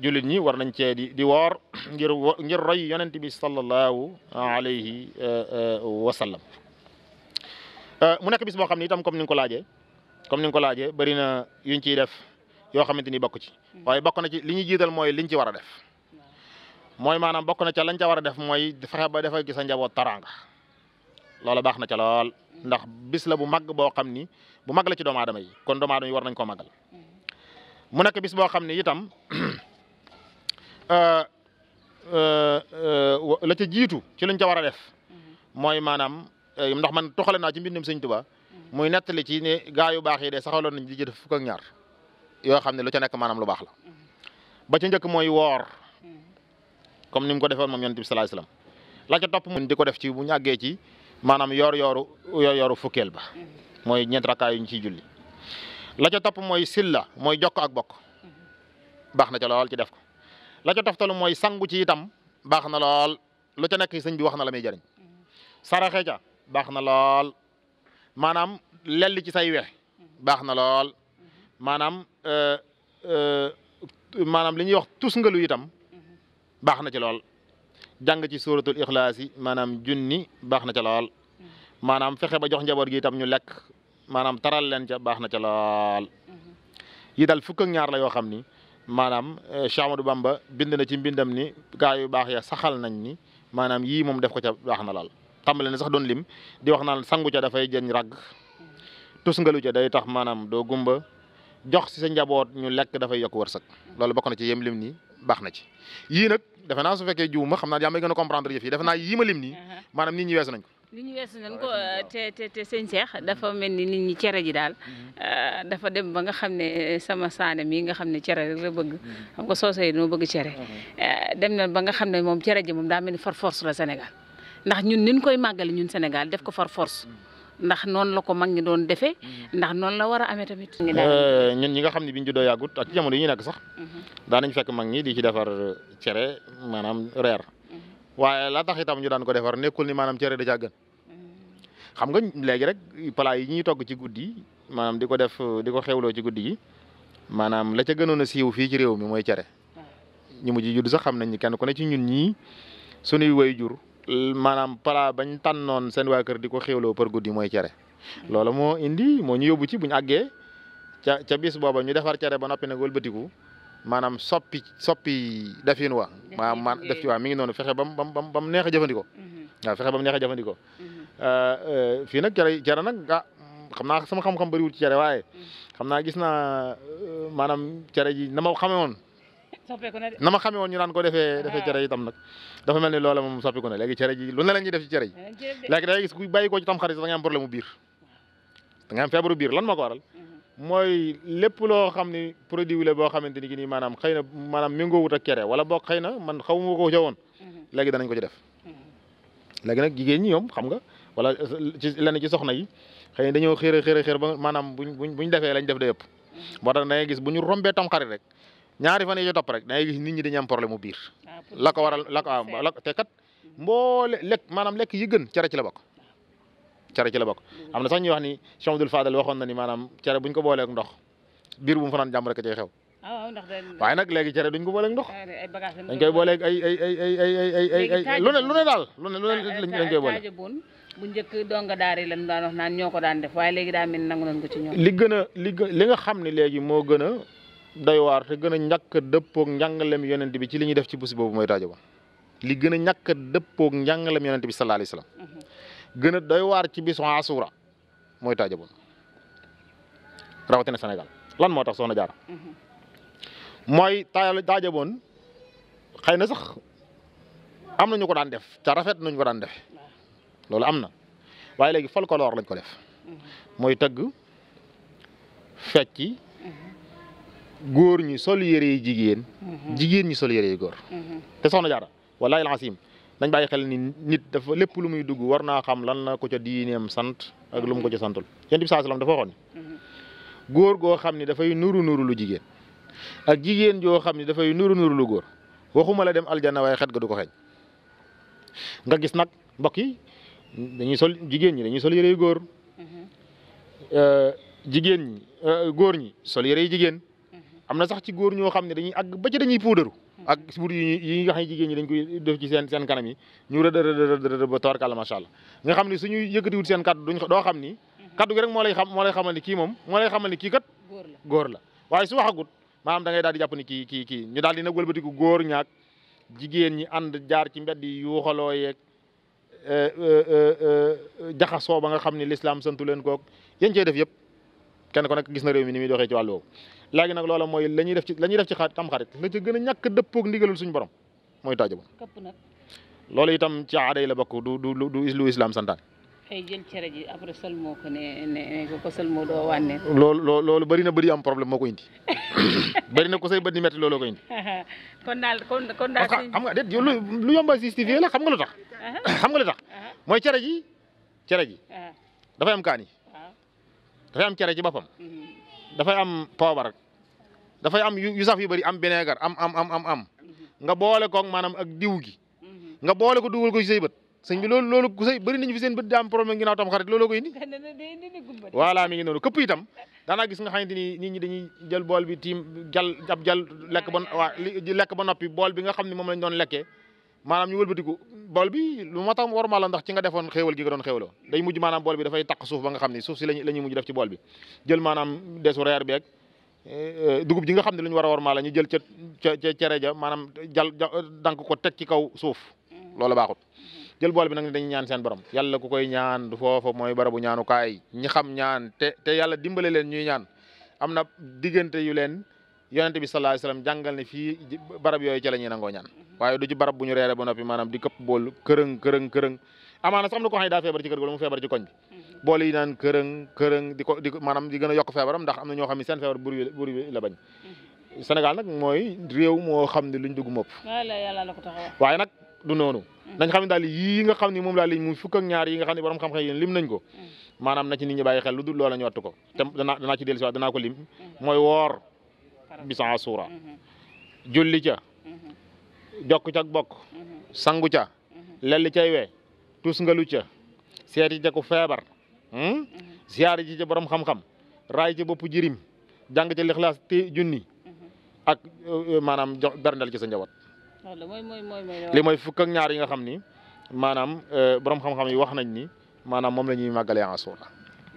jullit ñi war nañ cee di di woor ngir ngir roy yonent bi sallallahu alayhi eh, eh, wa sallam eh, mu nekk bis boo xam ne itam comme ni nga ko laajee comme ni ko laajee bëri na yuñ ciy def yoo xamante ni bokk ci mm. waaye bokk na ci li ñuy jiital mooy liñ ci war a def mooy maanaam bokk na ca lañ ca war a def mooy fexe ba dafa gis a njaboot taraanga loola baax na ca lool ndax bis la bu mag boo xam ni bu mag la ci doomu adama yi kon doomu aadama yi war nañ koo magal mm. mu nekk bis boo xam ni itam Euh, euh, euh, la ca jiitu ci lañ ca war a def mhm. mooy maanaam ndax man toxale naa ci mbindum sëñ Tuubaa mhm. muy nettali ci ne gaa yu baax yi de saxaloon nañ di jëf fukk ak ñaar yoo xam ne lu ca nekk maanaam lu baax la mhm. ba ca njëkk mooy woor comme ni ko defoon moom yonent bi sallallahu alayhi wasallam la ca topp mu di def ci bu ñàggee ci maanaam yor yooru yor yooru fukkeel ba mooy ñeent rakkaa yu ñu ciy julli la ca topp mooy silla mooy jokk ak bokk baax na ca lool ci def ko la ca toftalu mooy sangu ci itam baax na lool lu ca nekk sëñ bi wax na la muy jariñ saraxe ca baax na lool maanaam lelli ci say wex baax na lool maanaam euh, euh, maanaam li ñuy wax tusngalu itam baax na ci lool jàng ci suratul ixlaas yi maanaam junni baax na ca lool maanaam fexe ba jox njaboot gi itam ñu lekk maanaam taral leen ca baax na ca lool yi daal fukk ñaar la yoo xam ni maanaam euh, Cheikh Bamba bind na ci mbindam ni gaa yu baax ya saxal nañ ni maanaam yii moom def ko ca baax na laal tàmbale na sax doon lim di wax naan sangu ca dafay jëñ ràgg tusngalu ca day tax maanaam doo gumba jox si sa njaboot ñu lekk dafay yokk wërsëg lool bokk na ci yem lim nii baax na ci yii nag defe naa su fekkee jiw ma xam naa yaa may gën a comprendre yëf yi defe naa yii ma lim nii uh-huh. maanaam nit ñi nañ ko li ñu weesu nañ ko te te te sëñ dafa mel ni nit ñi cere ji daal mm-hmm. euh, dafa dem ba nga xam ne euh, sama saane mii nga xam ne cere rek bëgg mm-hmm. xam nga soose yi bëgg cere mm-hmm. euh, dem na ba nga xam ne moom cere ji moom daa mel ni far force la Sénégal ndax ñun nin koy màggale ñun Sénégal def ko far force ndax noonu la ko mag ñi doon defee ndax noonu la war a amee tamit. ñun ñi nga xam ne biñ juddoo yàggut ak ci jamono yi ñu nekk sax. daanañ fekk mag ñi di ci defar cere maanaam reer. waaye la tax itam ñu daan ko defar nekkul ni maanaam cere da caa gën. xam nga léegi rek plat yi ñuy togg ci guddi yi maanaam di ko def di ko xewloo ci guddi yi maanaam la ca gënoon a siiw fii ci réew mi mooy cere ñu mujj judd sax xam nañ ni kenn ku ne ci ñun ñii sunuy way jur maanaam palaa bañ tànnoon seen waa kër di ko xewloo par guddi mooy cere loola moo indi moo ñu yóbbu ci buñ àggee ca ca bis booba ñu defar cere ba noppi nag wëlbatiku maanaam soppi soppi defin wa maanaam man def ci waa mi ngi noonu fexe bam bam bam neex a jëfandikoo mhm. waaw fexe bam neex a jëfandikoo mhm. fii nag cere cere nag nga ah, xam naa sama xam-xam cere waaye xam naa gis naa eh, maanaam cere ji na ma xamee woon na ma xamee woon ñu naan ko defee ah. defee cere yi tam nag dafa mel ni loola moom soppiku na léegi cere ji lu ne la def ci cere yi eh, léegi dangay gis ku bàyyi ko ci tam xarit da ngay am problème bu biir da ngay am feebaru biir lan moo ko waral mm-hmm. mooy lépp loo xam ni produit la boo xamante ni ki nii maanaam xëy na maanaam méngoo wut ak cere wala boo xëy na man xaw ma ko ca woon mm-hmm. léegi danañ ko ci def mm-hmm. léegi nag jigéen ñi ñoom xam nga wala ci lenn ci soxna yi xëy na dañoo xéer a xéer ba maanaam buñ buñ buñ defee lañ def da yëpp moo ta da ngay gis bu ñu rombee tam xarit rek ñaari fan yi ci topp rek da gis nit ñi dañu am problème mu biir ah, la ko waral la ko la te kat mboole lekk maanaam lekk yi gën cere ci la bokk cere la bokk am na sax ñuy wax ni Cheikh Abdoul Fadal waxoon na ni maanaam cere buñ ko booleeg ndox biir bu mu fanaan jàmm rek cay xew ah, waaye nag léegi cere duñ ko booleeg ndox ah, dañ koy booleeg ay ay ay ay ay ay ay lu ne lu ne daal lu koy boole bu njëkk donga daara yi lan daan naan ñoo ko daan def waaye léegi daa mel nangu nañ ko ci ñoom. li gën a li gën xam ne léegi moo gën a doy waar te gën a ñàkk a dëppoog njàngalem yonent bi ci li ñuy def ci bés boobu rajo ba li gën a ñàkk a dëppoog njàngalem yonent bi sallallahu alayhi wasallam mhm. gën a doy waar ci bisu asura mooy taaja bon rawatina Sénégal lan moo tax soxna Jaara mhm. mooy taal taaja bon xëy na sax am na ñu ko daan def te rafet nañu ko daan def loolu am na waaye léegi folklore lañ ko def mm-hmm. mooy tëgg fecci mm-hmm. góor ñi sol yére yi jigéen mm-hmm. jigéen ñi sol yére yi góor te soxna jaara wallaahi alxasim dañ bàyyi xel ni nit dafa lépp lu muy dugg war naa xam lan la ko ca diineem sant ak lu mu ko ca santul yonent bi sallallahu dafa waxoon ni góor goo xam ni dafay nuru nuru lu jigéen ak jigéen joo xam ni dafay nuru nuru lu góor waxuma la dem aljanna waaye xet ga du ko xeeñ nga gis nag mbokk yi dañuy sol jigéen ñi dañuy sol yëre yu góor mhm. euh, jigéen ñi euh, góor ñi sol yëre yu jigéen mhm. am na sax ci goor ñoo xam ne dañuy àgg ba ci dañuy puudaru mhm. ak suur yi yi nga xam jigéen ñi dañ koy def ci seen seen kanam yi ñu rëdd rëdd rëdd ba tawarkàlla macha allah nga xam ne suñuy yëkkatiwut seen kaddu duñ doo xam ni kaddu gi rek moo lay xam moo lay xamal ni kii moom moo lay xamal ni kii kat góor la waaye su waxagut maanaam da ngay daal di jàpp ni kii kii kii ñu daal di nag wëlbatiku góor ñaak jigéen ñi ànd jaar ci mbedd yi yuuxaloo yeeg Eh, eh, eh, jaxasoo ba nga xam ne lislaam santu leen koog yéen cey def yëpp kenn ko nag gis na réew mi ni muy doxee ci wàll woowu nag loola mooy la ñuy def ci la ñuy def ci xaar tam xarit la ca gën a ñàkk dëppoog ndigalul suñu borom mooy tàjjabon loolu itam ci aaday la bokk du du du lu islam santaane ay jël cere ji après loolu loolu na bëri am problème moo ko indi bëri na ko say bët di métti looloo koy indi. kon daal kon kon daal xam nga déet yow lu lu yomba justifié la xam nga lu tax. Uh-huh. xam nga lu tax uh-huh. mooy cere ji cere ji. Uh-huh. dafay am kaani. dafay am cere ci boppam. Mm-hmm. dafay am poobar dafay am yu saf yu bëri am vinaigre am am am am mm-hmm. nga boole koog maanaam ak diw gi. Mm-hmm. nga boole ko dugal ko ci say bët. sëñ bi loolu loolu sëñ bëri nañu fi seen bët di am problème ginnaaw tam xarit looloo ko indi voilà mi ngi noonu këpp itam daanaa gis nga xamante ni nit ñi dañu jël bool bi tiim jal ab jal lekk ba waa lekk ba noppi bool bi nga xam ne moom lañ doon lekkee maanaam ñu wëlbatiku bool bi lu ma tax war maa la ndax ci nga defoon xéewal gi nga doon xéewaloo day mujj maanaam bool bi dafay taq suuf ba nga xam ne suuf si lañ la ñuy mujj def ci bool bi jël maanaam desu reer beeg eh, dugub ji nga xam ne lañu war a war maa la ñu jël ca ca cere ja maanaam jal dank ko teg ci kaw suuf mm-hmm. loolu baaxut mm-hmm. jël bool bi nag ne ñaan seen borom yàlla ku koy ñaan du foofa mooy barabu ñaanukaay ñi xam ñaan te te yàlla dimbale leen ñuy ñaan am na diggante yu leen yonente bi sallallahu alayhi wasallam jàngal ne barab yooyu ci la ñuy nangoo ñaan waaye du ci barab bu ñu reere ba noppi maanaam di këpp bool kërëng kërëng kërëng amaana sax am na ko xam ne daa feebar ci kër ga mu feebar ci koñ bi mm-hmm. bool di ko di maanaam di gën a yokk feebaram ndax am na ñoo xam ne seen feebar buri buri la bañ mm-hmm. Sénégal nag mooy réew moo xam ne luñ dugg mopp waaye nag du noonu Mm. nañ xam ne daal yii nga xam ni moom laal lim muy fukk ak ñaar yi nga xam ne borom xam-xam yéen lim nañ ko mm. maanaam na ci nit ñi bàyyi xel lu dul loola ñu wattu ko te mm. danaa danaa ci dellu si waat danaa ko lim mooy woor bisan suura mm-hmm. julli ca mm-hmm. jokk ca bokk mm-hmm. sangu ca lelli cay we ngalu ca seeti ca ku feebar hmm? ziyaar ji ca borom xam-xam raay ca bopp jirim jàng ca lixlaas te junni ak euh, euh, maanaam jox berndel ci sa njaboot li mooy fukk ak ñaar yi nga xam ni maanaam euh, borom xam-xam yi wax nañ ni maanaam moom la ñuy màggalee Ashura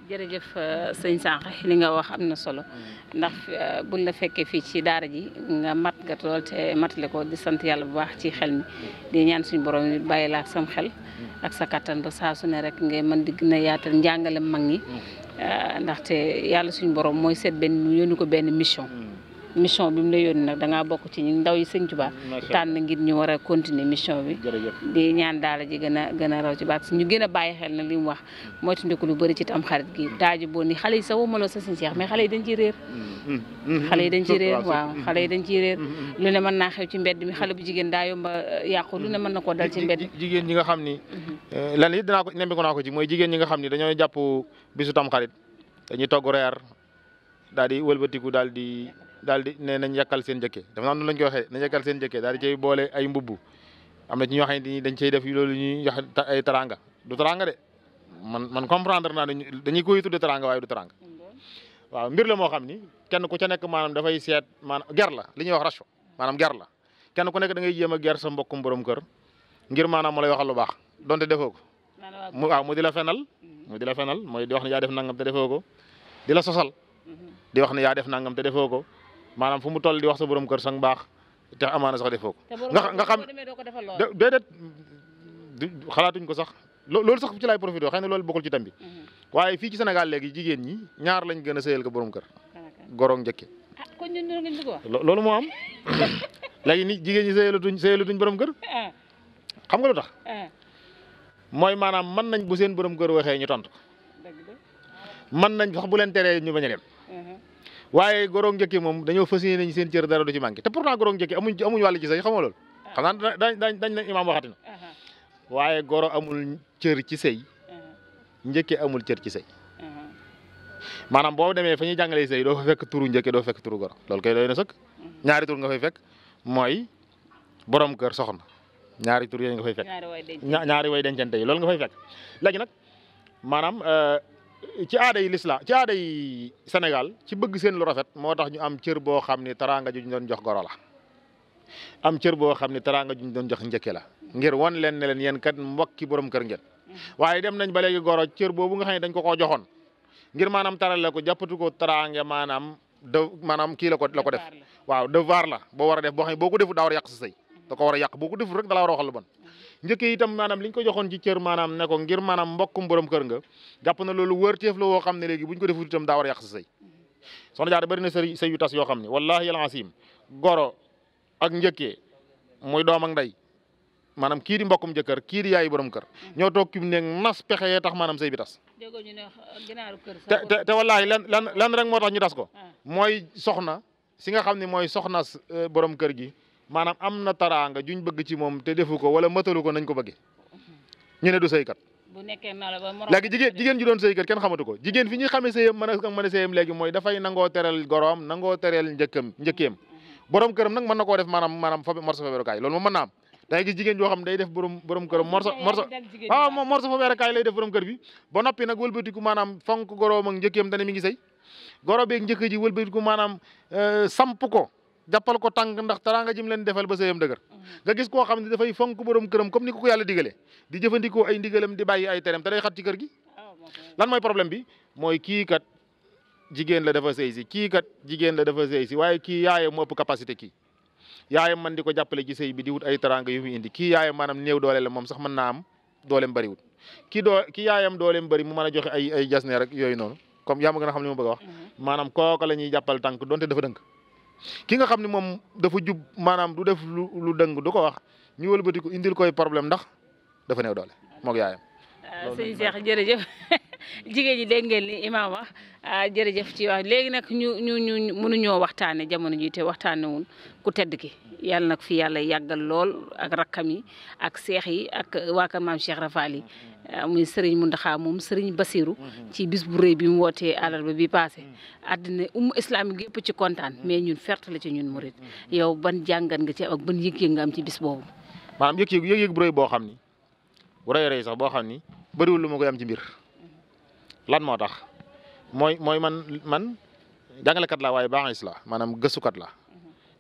jërëjëf euh, sëñ sànq li nga wax am na solo mm. ndax euh, buñ la fekkee fii ci daara ji nga mat nga te matale ko di sant yàlla bu baax ci xel mi mm. suñu borom yi bàyyi ak sam xel mm. ak sa kattan ba saa su ne rek ngay mën di gën a yaatal njàngale mag ñi ndaxte yàlla suñu borom mooy seet benn yónni ko benn mission mission bi mu la yónni nag da bokk ci ñu ndaw yi sëñ Tuubaa tànn ngir ñu war a continuer mission bi di ñaan daal ji gën gën a raw ci baax ñu gën a bàyyi xel na li mu wax mm. mooy tundiku lu bari ci tam xarit gi daaju boo ni xale yi sa wamalo sa sëñ Seex mais xale yi dañ ciy réer mm-hmm. Mm-hmm. xale yi dañ ciy réer waaw xale yi dañ ciy réer mm-hmm. lu ne mën naa xew ci mbedd mi xale bu jigéen daa yomba euh, yàqu lu ne mën na koo dal ci mbedd jigéen ñi nga xam ni euh, lan it dinaa ko nembi naa ko ci mooy jigéen ñi nga xam ni dañoo jàpp bisu tam xarit dañu togg reer daal di wëlbatiku daal di daal di ne nañ yàkkal seen njëkkee dafa naa ko waxee nañ yàkkal seen njëkkee daal di cay boole ay mbubb am na ci ñoo xam ne dañ cey def loolu ñuy wax ay taranga du taranga de man man comprendre naa dañuy koy tudde taranga waaye du taranga waaw mbir la moo xam ni kenn ku ca nekk maanaam dafay seet maanaam ger la li ñuy wax racho maanaam ger la kenn ku nekk da ngay jéem a ger sa mbokkum borom kër ngir maanaam mu lay waxal lu baax donte defoo ko mu waaw mu di la fenal mm-hmm. mu di la fenal mooy di wax ne yaa def nangam te defoo ko di la sosal mm-hmm. di wax ne yaa def nangam te defoo ko maanaam fu mu toll di wax sa borom kër sang baax te amaana sax defoo ko. nga nga xam déedéet xalaatuñ ko sax loolu sax ci laay profité xëy na loolu bokkul ci tam bi mhm. waaye fii ci léegi jigéen ñi ñaar lañ gën a sëyal ko borom kër. goroog njëkke ah, loolu moo am léegi ni jigéen ñi sëyalatuñ sëyalatuñ borom kër. Ah. xam nga lu tax. Ah. mooy maanaam mën nañ bu seen borom kër waxee ñu tontu. mën nañ wax bu leen teree ñu bañ a dem. Mhm. waaye goroog njëkki moom dañoo fas yéene nañ seen cër dara du ci manqué te pourtant goroog njëkki a amuñ wàll ci sëy xam nga ah. xam naa dañ dañ na imaam ah, ah. na waaye goro amul cër ci sëy njëkki amul cër ci sëy maanaam boo demee fa ñuy jàngalee sëy doo fa fekk turu njëkki doo fekk turu goro loolu koy doy na sëkk mm-hmm. ñaari tur nga fay fekk mooy boroom kër soxna ñaari tur yooyu nga fay fekk ñaari way dencante yi loolu nga fay fekk léegi nag maanaam euh, ci aada yi lislaam ci aada yi Sénégal ci bëgg seen lu rafet moo tax ñu am cër boo xam ne taraanga ju ñu doon jox goro la am cër boo xam ne taraanga ju ñu doon jox njëkke la ngir wan leen ne leen yéen kat mbokki borom kër ngeen mm-hmm. waaye dem nañ ba léegi goro cër boobu nga xam ne dañ ko ko joxoon ngir maanaam taral la ko jàppatu ko taraange maanaam de maanaam kii ko la ko def waaw devoir la boo a def boo xam ne boo daa war a yàq sa sëy da ko war a yàq boo ko defu rek da la war a waxal bon njëkk itam maanaam liñ ko joxoon ci cër maanaam ne ko ngir maanaam mbokkum borom kër nga jàpp na lool loolu wërteef la woo xam ne léegi buñ ko defut itam daa war a yàq sa sëy soxna jaara bëri na sëy sëy yu tas yoo xam ne a alazim goro ak njëkkee mooy doom ak ndey maanaam kii mbokkum jëkkër kii di yaayu borom kër ñoo toog ki mu nas pexe yee tax maanaam sëy bi tas te te te wallaahi lan lan lan rek moo tax ñu tas ko ah. mooy soxna si nga xam ni mooy soxnas euh, borom kër gi maanaam am na taraanga juñ bëgg ci moom te defu ko wala matalu ko nañ ko bëggee ñu ne du sëykat. bu nekkee na la ba morom léegi jigéen jigéen ju doon sëykat kenn xamatu ko jigéen fi ñuy xame sëyam mën a mën a sëyam léegi mooy dafay nangoo tereel goroom nangoo tereel njëkkam borom këram nag mën na koo def maanaam maanaam fa morso fa berukaay loolu moom mën naa am dangay gis jigéen xam day def borom borom këram morso morso waaw moom morso fa berukaay lay def borom kër bi ba noppi nag wëlbatiku maanaam fonk goroom ak njëkkeem te ne mi ngi sëy goro beeg njëkk ji wëlbatiku maanaam euh, samp ko jàppal ko tànk ndax teraanga jim leen defal ba sëyam dëgër mm-hmm. nga gis koo xam ne dafay fonk borom këram comme ni ko ko yàlla digalee di jëfandikoo ay ndigalam di bàyyi ay tereem te day xat ci kër oh, mooy problème bi mooy kii kat jigéen la dafa sëy si kii kat jigéen la dafa sëy si waaye kii yaayam mu capacité kii yaayam man di ko jàppale ci sëy bi di wut ay teraanga yu mu indi kii yaayam maanaam néew doole la moom sax mën naa am dooleem bëriwut kii doo kii yaayam dooleem bëri mu mën a joxe ay ay jasne rek yooyu noonu comme yaa ma a xam li ma bëgg wax mm-hmm. maanaam kooka la ñuy jàppal tànk donte dafa dënk ki nga xam ne moom dafa jub maanaam du def lu lu dëng du ko wax ñu wëlbati ko indil koy problème ndax dafa néew doole moog yaayam. loolu ah, sëñ Cheikh jërëjëf. jigéen ñi dégg ngeen li imaam wax ah, jërëjëf ci léegi nag ñu ñu ñu mënuñoo waxtaane jamono ji te waxtaane wun ku tedd ki yàlla nag fi yàlla yàggal lool ak rakkam ak seex yi ak waa kër maam rafali mu yi ah, muy sëriñ moom sëriñ Basiru ci bis bu rëy bi mu wootee àllarba bi addina àddina ummu islamique yëpp ci kontaan mais ñun ferte ci ñun murit yow ban jàngat nga ci ak ban yëg ngam ci bis boobu maanaam yëg-yëg boo xam ni bu rëy rëy sax boo xam ni bëriwul lu moo ko am ci mbir lan moo tax mooy mooy man man jàngalekat laa waaye baaxis la maanaam gëstukat la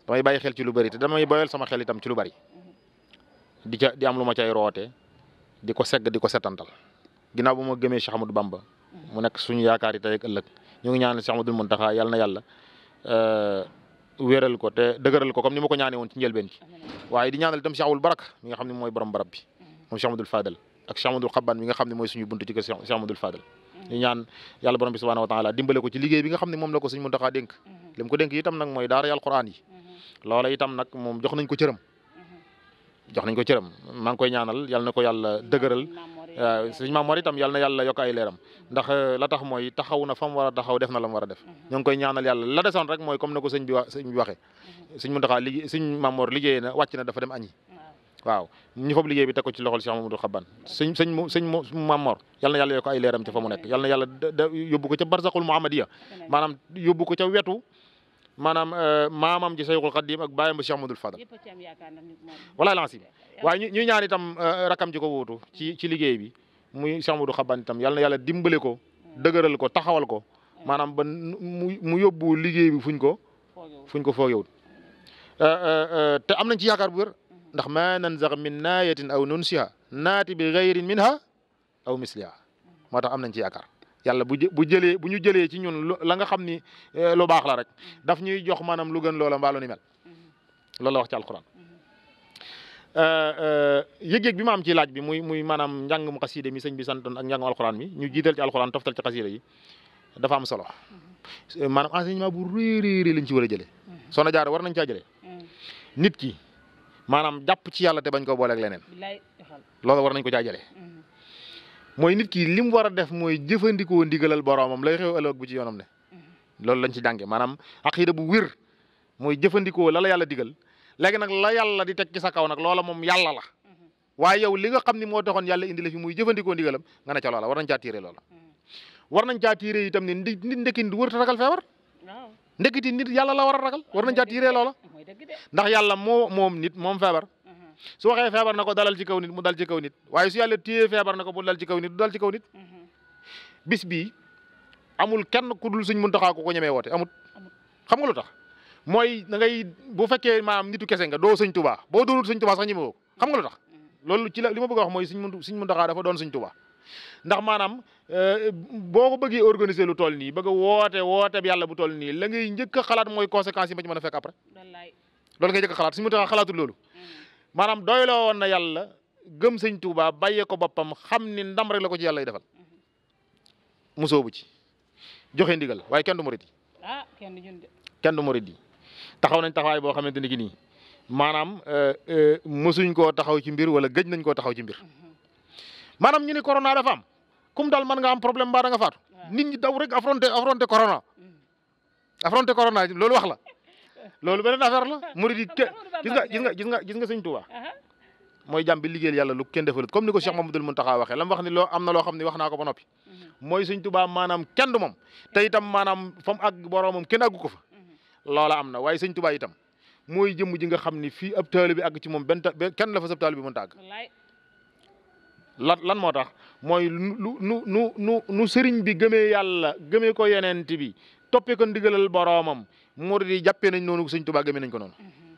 damay bàyyi xel ci lu bari te damay bay sama xel itam ci lu bari di ca di am lu ma cay roote di ko segg di ko setantal ginnaaw bu ma gëmee Cheikh Ahmadou Bamba mu nekk suñu yaakaar yi tey ak euh, te dëgëral ko comme ni ma ko ñaanee woon ci njëlbeen ci waaye di ñaanal itam Cheikh Abdoul Barak mi nga xam ne mooy borom barab bi moom Cheikh Ahmadoul suñu buntu ci kër Cheikh Ahmadoul Fadal ñu ñaan yàlla borom bi subhanahu wa taala dimbale ko ci liggéey bi nga xam ne moom la ko sëñ Muntaxa dénk mhm. li mu ko dénk itam nag mooy daara mhm. nag moom jox nañ ko cëram mhm. jox nañ ko cëram maa ngi koy ñaanal yal na ko yàlla dëgëral sëñ Maam Mor itam yal na yàlla yokk ay leeram ndax eh, la tax mooy taxaw na fa mu war a taxaw def na la war a def ñoo ngi koy ñaanal yàlla la desoon rek mooy comme na ko sëñ bi wa sëñ bi waxee sëñ Muntaxa liggéey sëñ Maam Mor liggéey wàcc na dafa dem añi waaw ñi foofu liggéey bi teg ko ci loxol Cheikh Mamadou Xaban sëñ sëñ mu sëñ mu Mamor yal na yàlla yokk ay leeram ca fa mu nekk yal na yàlla da yóbbu ko ca barsaxul Muhammadiya maanaam yóbbu ko ca wetu maanaam euh, maamam ji Sayxul Xadim ak bàyyam ba Cheikh Mamadou Fadal wala lancim waaye ñuy ñaan itam euh, rakam ji ko wuutu ci ci liggéey bi muy Cheikh Mamadou Xaban itam yal na yàlla dimbale ko mm. dëgëral ko taxawal ko mm. maanaam ba mu yobbu liggéey bi fuñ ko fuñ ko foogewut euh, te am nañ ci yaakaar bu wér ndax ma nanzax min naayatin aw nunsiha naati bi gayrin minha aw misliha moo tax am nañ ci yaakaar yàlla bu bu jëlee bu ñu jëlee ci ñun la nga xam ni eh, lu baax la rek daf ñuy jox maanaam lu lool loola mbaa lu ni mel loolu la wax ci alquran eh, eh, yëg-yëg bi ma am ci laaj bi muy muy maanaam njàngum xasida mi sëñ bi santoon ak njàngum alquran mi ñu jiital ci alquran toftal ci xasida yi dafa am solo maanaam enseignement bu réeréeré lañ ci war a jëlee. soo na jaar ki. maanaam jàpp ci yàlla te bañ koo booleeg leneen loolu war nañ ko jaajale mm-hmm. mooy nit ki li mu war a def mooy jëfandikoo ndigalal boroomam lay xew ëllëg bu ci yoonam ne mm-hmm. loolu lañ ci jànge maanaam aqida bu wér mooy jëfandikoo lala la yàlla digal léegi nag la yàlla di teg ci sa kaw nag loola moom yàlla la mm-hmm. waaye yow li nga xam ni moo taxoon yàlla indi la fi muy jëfandikoo ndigalam nga ne ca loola war nañ caa tiire loola war nañ caa tiire itam ne ndi nit ndekki wër ta ragal feebar ndeketi nit yàlla la war a ragal war nañ caa tiiree ndax yàlla moo moom nit moom feebar mhm. soo waxee feebar na ko dalal ci kaw nit mu dal ci kaw nit waaye su yàlla téyee feebar na ko mu kaw nit du dal ci kaw nit mhm. bis bii amul kenn ku dul suñ Muntaxa ko ko ñemee woote amut xam nga lu tax mooy da ngay bu fekkee maam nitu kese nga doo sëñ Tuubaa boo doonul sëñ Tuubaa sax ñeme woo xam nga lu tax mhm. loolu ci la li ma bëgg a wax mooy suñ mun Muntaxa dafa doon sëñ Tuubaa ndax maanaam Euh, boo ko bëggee organiser lu toll nii bëgg a woote woote bi yàlla bu toll nii la ngay njëkk a xalaat mooy conséquences yi ma ci mën a fekk après. loolu ngay njëkk a xalaat suñu tax xalaatul loolu. Mm. maanaam doyloo woon na yàlla gëm sëñ Touba bàyyee ko boppam xam ni ndam rek la ko ci yàlla defal. Mm-hmm. musoo bu ci joxe ndigal waaye kenn du murid yi. ah kenn du ñun taxaw nañ taxawaay boo xamante ni ki nii maanaam euh, euh, mosuñ koo taxaw ci mbir wala gëj nañ koo taxaw ci mbir mm-hmm. maanaam ñu ni corona dafa am. kum daal mën nga am problème mbaa da nga faatu nit ñi daw rek affronté corona mm. affronté corona loolu wax la loolu beneen affaire la murid yi gis nga gis nga gis nga gis nga sëñ Tuubaa mooy jàmm bi liggéeyal yàlla lu kenn defalut comme ni ko Cheikh eh. Mamadou Mountakha waxee lam wax ni loo xam ne wax naa ko ba noppi mm-hmm. mooy sëñ Tuubaa maanaam kenn moom eh. te itam maanaam fa mu àgg boroomam fa mm-hmm. loola am na waaye sëñ Tuubaa itam mooy jëmm ji nga xam ni fi ab taalibe bi àgg ci moom benn kenn la fa sab taalibe bi mën lan lan moo tax mooy nu nu nu nu nu sëriñ bi gëmee yàlla gëmee ko yenent bi toppee ko ndigalal boroomam murid yi jàppe nañ noonu sëñ Tuubaa gëmee nañ ko noonu. Mm-hmm.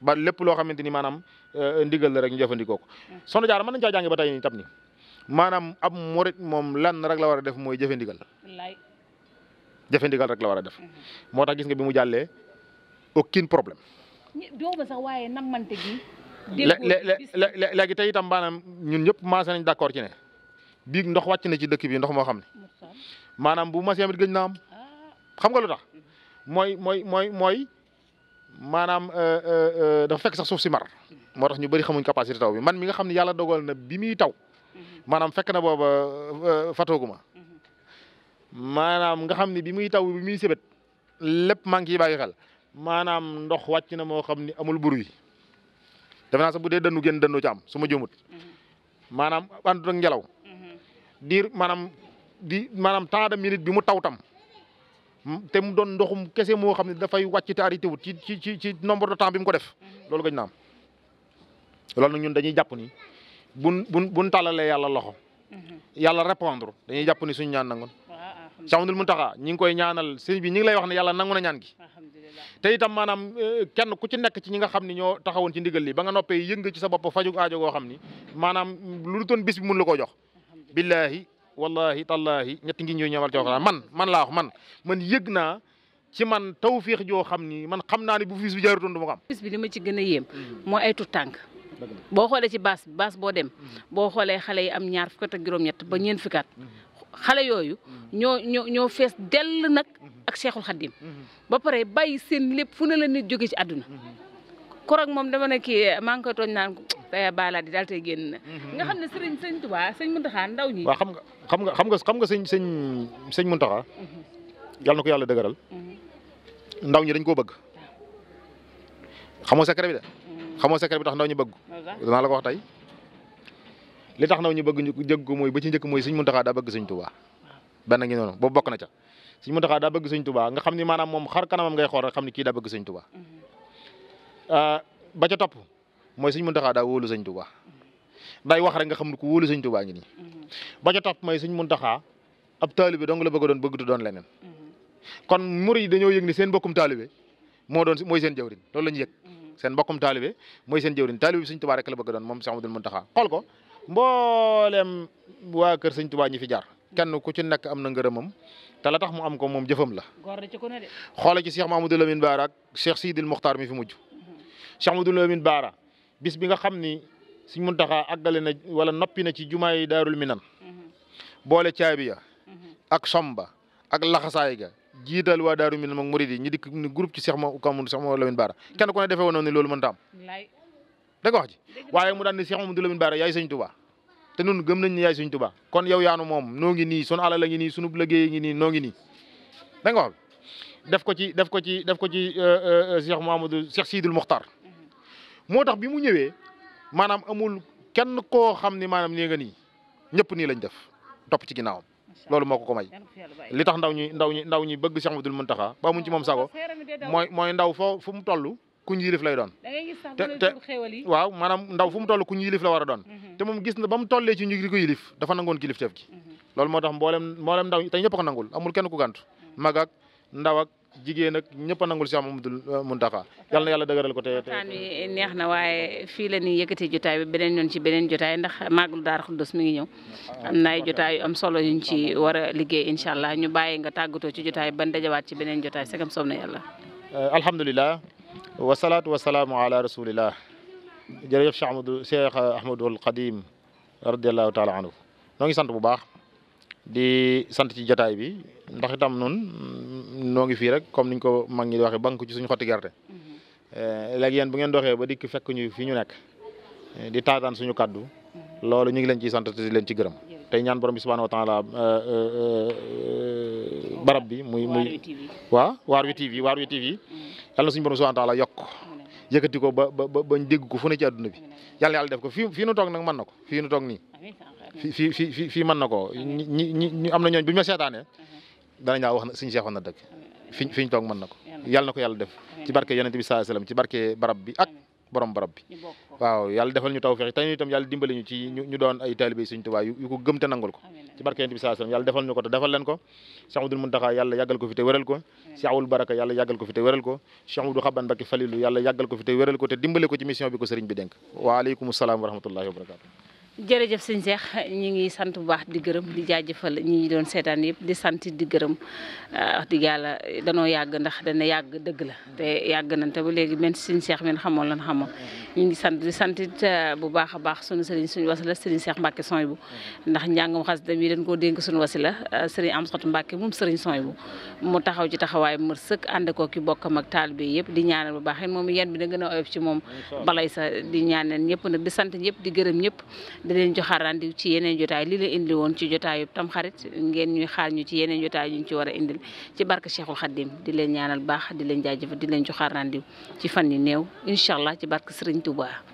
ba lépp loo xamante ni maanaam euh, ndigal la rek ñu jëfandikoo ko. Mm-hmm. soxna Jaara mën nañu caa jàngee ba tey nii tam ni maanaam ab murid moom lan rek la war a def mooy jëfe ndigal. jëfe ndigal rek la war a def. Mm-hmm. moo tax gis nga bi mu jàllee aucun problème. léegi tey itam maanaam ñun ñëpp maase nañ d'accord ci ne biig ndox wàcc na ci dëkk bi ndox moo xam ne maanaam bu machine bi gëj na am xam nga lu tax mooy mooy mooy mooy maanaam euh, euh, euh, dafa fekk sax suuf si mar moo tax ñu bëri xamuñ capacité taw bi man mi nga xam ne yàlla dogal na bi muy taw maanaam fekk na booba fatooguma maanaam nga xam ne bi muy taw bi muy sébét lépp maa ngi ciy bàyyi xel maanaam ndox wàcc na moo xam ne amul buru yi defe naa sax bu dee dënnu génn dënnu ci am su ma jëmut maanaam àndut ak ngelaw diir maanaam di maanaam temps de minute bi mu taw tam te mu doon ndoxum kese moo xam ne dafay wàcc te arrêté wut ci ci ci ci nombre de temps bi mu ko def loolu gëj na am loolu nag dañuy jàpp ni bu bun buñ tàllalee yàlla loxo yàlla répondre dañuy jàpp ni suñu ñaan nangoon Cheikh Amadou Mountakha ñi ngi koy ñaanal sëñ bi ñi ngi lay wax ne yàlla nang na ñaan gi te itam maanaam eh, kenn ku ci nekk ci ñi nga xam ni ñoo taxawoon ci ndigal li ba nga noppee yënga ci sa bopp fajug aajo goo xam ni maanaam lu doon toon bi mun la koo jox billahi wallahi tallahi ñetti ngi ñuy ñëwal ci wax man man laa wax man man yëg naa ci man tawfiix joo xam ni man xam naa ne bu bis bi jaarutoon du ma ko am bis ma ci gën a mm-hmm. moo ay tut tànk boo xoolee ci baas baas boo dem mm-hmm. boo xoolee yi am ñaar fukk ak juróom-ñett ba ñeent fukkaat mm-hmm. xale yooyu ñoo ñoo ñoo fees dell nag ak Cheikhul Khadim ba pare bàyyi seen lépp fu ne la nit jóge ci àdduna korog moom dama ne kii tooñ naan tey eh, baala di daal tey génn na nga xam ne sëriñ sëñ Tuubaa sëñ Muntaxa ndaw ñi xam nga xam nga xam nga xam nga sëñ sëñ sëñ Muntaxa yàlla yàlla dëgëral ndaw ñi dañ ko bëgg xamoo secret bi de xamoo secret bi tax ndaw ñi bëgg danaa la ko wax li tax naw ñu bëgg ñu jëgg ko mooy ba ci njëkk mooy Sëriñ Muntaxa daa bëgg Sëriñ Tuubaa bokk na ca Sëriñ Muntaxa daa bëgg Sëriñ Tuubaa nga xam ni maanaam moom xar kanamam ngay xool rek xam ni kii daa bëgg Sëriñ Tuubaa mm-hmm. ah, ba ca topp mooy Sëriñ Muntaxa daa wóolu day wax rek nga xam ni ku wóolu Sëriñ Tuubaa ngi nii mm-hmm. ba ca topp mooy Sëriñ Muntaxa ab taalibe dong la bëgg a doon bëggtu doon leneen mm-hmm. kon murid yi dañoo yëg ni seen bokkum taalibe moo doon mooy seen jawrin loolu la ñu yëg seen bokkum taalibe mooy seen jawrin taalibe bi la bëgg doon moom Cheikh Abdoul Muntaxa xool ko mboolem waa kër sëñ Tuubaa ñi fi jaar kenn ku ci nekk am na ngërëmam te la tax mu am ko moom jëfam la. xoole ci Cheikh ma Lamine Baara ak Cheikh Sidil Mokhtar mi fi mujj. Cheikh Mamadou Lamine Baara bis bi nga xam ni suñ Muntaxa àggale na wala noppi na ci jumaay Daarul Minan boole caabi ya ak somba ak laxasaay ga jiital waa Daarul Minan ak murid yi ñu dikk ni groupe ci Cheikh ma Kamoun Cheikh Mamadou Lamine Baara kenn ku ne defee woon ni loolu mënta am. dëgg wax ji waaye mu daan ne Cheikh Mamadou Lamine Baara yaay sëñ Tuubaa te nun gëm nañ ne yaay suñ Tuubaa kon yow yaanu moom noo ngi nii sunu alal la ngi nii sunu liggéey ngi nii noo ngi nii da def ko ci def ko ci def ko ci euh, euh, euh, Cheikh Mouhamadou Cheikh Sidul Mokhtar moo tax bi mu ñëwee maanaam amul kenn ko xam ni maanaam ni nga nii ñëpp nii lañ def topp ci ginnaawam loolu moo ko ko may li tax ndaw ñi ndaw ñi ndaw ñi bëgg Cheikh Mouhamadou Mountakha ba muñ ci moom sago mooy mooy ndaw foo fu mu toll kuñ yilif lay doon te waaw maanaam ndaw fu mu toll kuñ yilif la war a doon mhm. te moom gis na ba mu tollee ci ñu di ko yilif dafa nangoon kilifteef gi mhm. loolu moo tax mboolem mboolem ndaw te ñëpp ko nangul amul mhm. a nangul si Mamadul Muntaxa yal na yàlla dëgëral ko te waxtaan wi neex na waaye fii la ñuy jotaay beneen yoon ci beneen jotaay ndax màggalu Daaru Xudoos mi ngi ñëw am na ay solo yuñ ci war a liggéey incha allah ñu bàyyi nga tàggatoo ci jotaay ban dajawaat ci beneen jotaay segam soob na yàlla euh, wasalaatu wasalaamu ala rasulillah jërëjëf Cheikh Ahmadou Cheikh Ahmadul Qadim radiallahu taala anhu noo ngi sant bu baax di sant ci jataay bi ndax itam nun noo ngi fii rek comme niñ ko mag ñi di waxee banque ci suñu xotti gerte eh, léegi yéen bu ngeen doxee ba dikk fekk ñu fii ñu nekk eh, di taataan suñu kaddu loolu ñu ngi leen ciy sant di leen ci gërëm te ñaan borom bi subhanahu wa taala eh, barab bi muy muy waa waar wi TV waar wi TV yàlla suñu borom subhanahu wa taala yokk yëkkati ko ba ba bañ dégg ko fu ne ci àdduna bi yàlla yàlla def ko fi fii nu toog nag man na ko fi nu toog nii fii fii fii fii fii mën na ko ñi ñi am na ñooñ bu ñu ma seetaanee uh-huh. danañ laa wax na suñu seex na dëgg fi fi ñu toog mën na ko yàlla na ko yàlla def ci barke yonent bi sallallahu alayhi wasallam ci barke barab bi ak borom barab bi waaw yàlla defal ñu tawfeex tey itam yàlla dimbali ñu ci ñu doon ay taalibe Sëriñ Tuubaa yu ko gëm te nangul ko ci barke Yonent bi defal ñu ko te defal leen ko Cheikh Abdoul Mountakha yàlla ko fi te wéral ko Cheikh Abdoul Baraka yàlla yàggal ko fi te wéral ko ko fi te wéral ko te dimbale ko ci mission bi ko sëriñ bi dénk waaleykum salaam wa rahmatullahi wa barakatu jërëjëf sëñ Seex ñi ngi sant bu baax di gërëm di jaajëfal ñi doon seetaan yëpp di sant di gërëm ah, wax dëgg yàlla danoo yàgg ndax dana yàgg dëgg la te yàgg nañ ba léegi benn sëñ Seex men xamoon lan xamoon ñi ngi sant di sant it ah, bu baax a baax sunu sëriñ suñu wasila sëriñ Seex Mbàkke sooy bu ndax njàngam xas dami dañ koo dénk suñu wasila ah, sëriñ am sotu Mbàkke moom sëriñ sooy bu mu taxaw ci taxawaay mër sëkk ànd ko ki bokkam ak taalibe yëpp di ñaanal bu baax it moom yan bi da gën a ci moom balay sa di ñaanal ñëpp nag di sant ñëpp di gërëm ñëpp di leen joxaat ci yeneen jotaay li la indi woon ci jotaayu Tamxarit ngeen ñuy xaar ñu ci yeneen jotaay ñu ci war a indil ci barke Cheikhul Khadim di leen ñaanal baax di leen jaajëfal di leen joxaat rendez-vous ci fan yi néew incha allah ci barke Serigne Touba.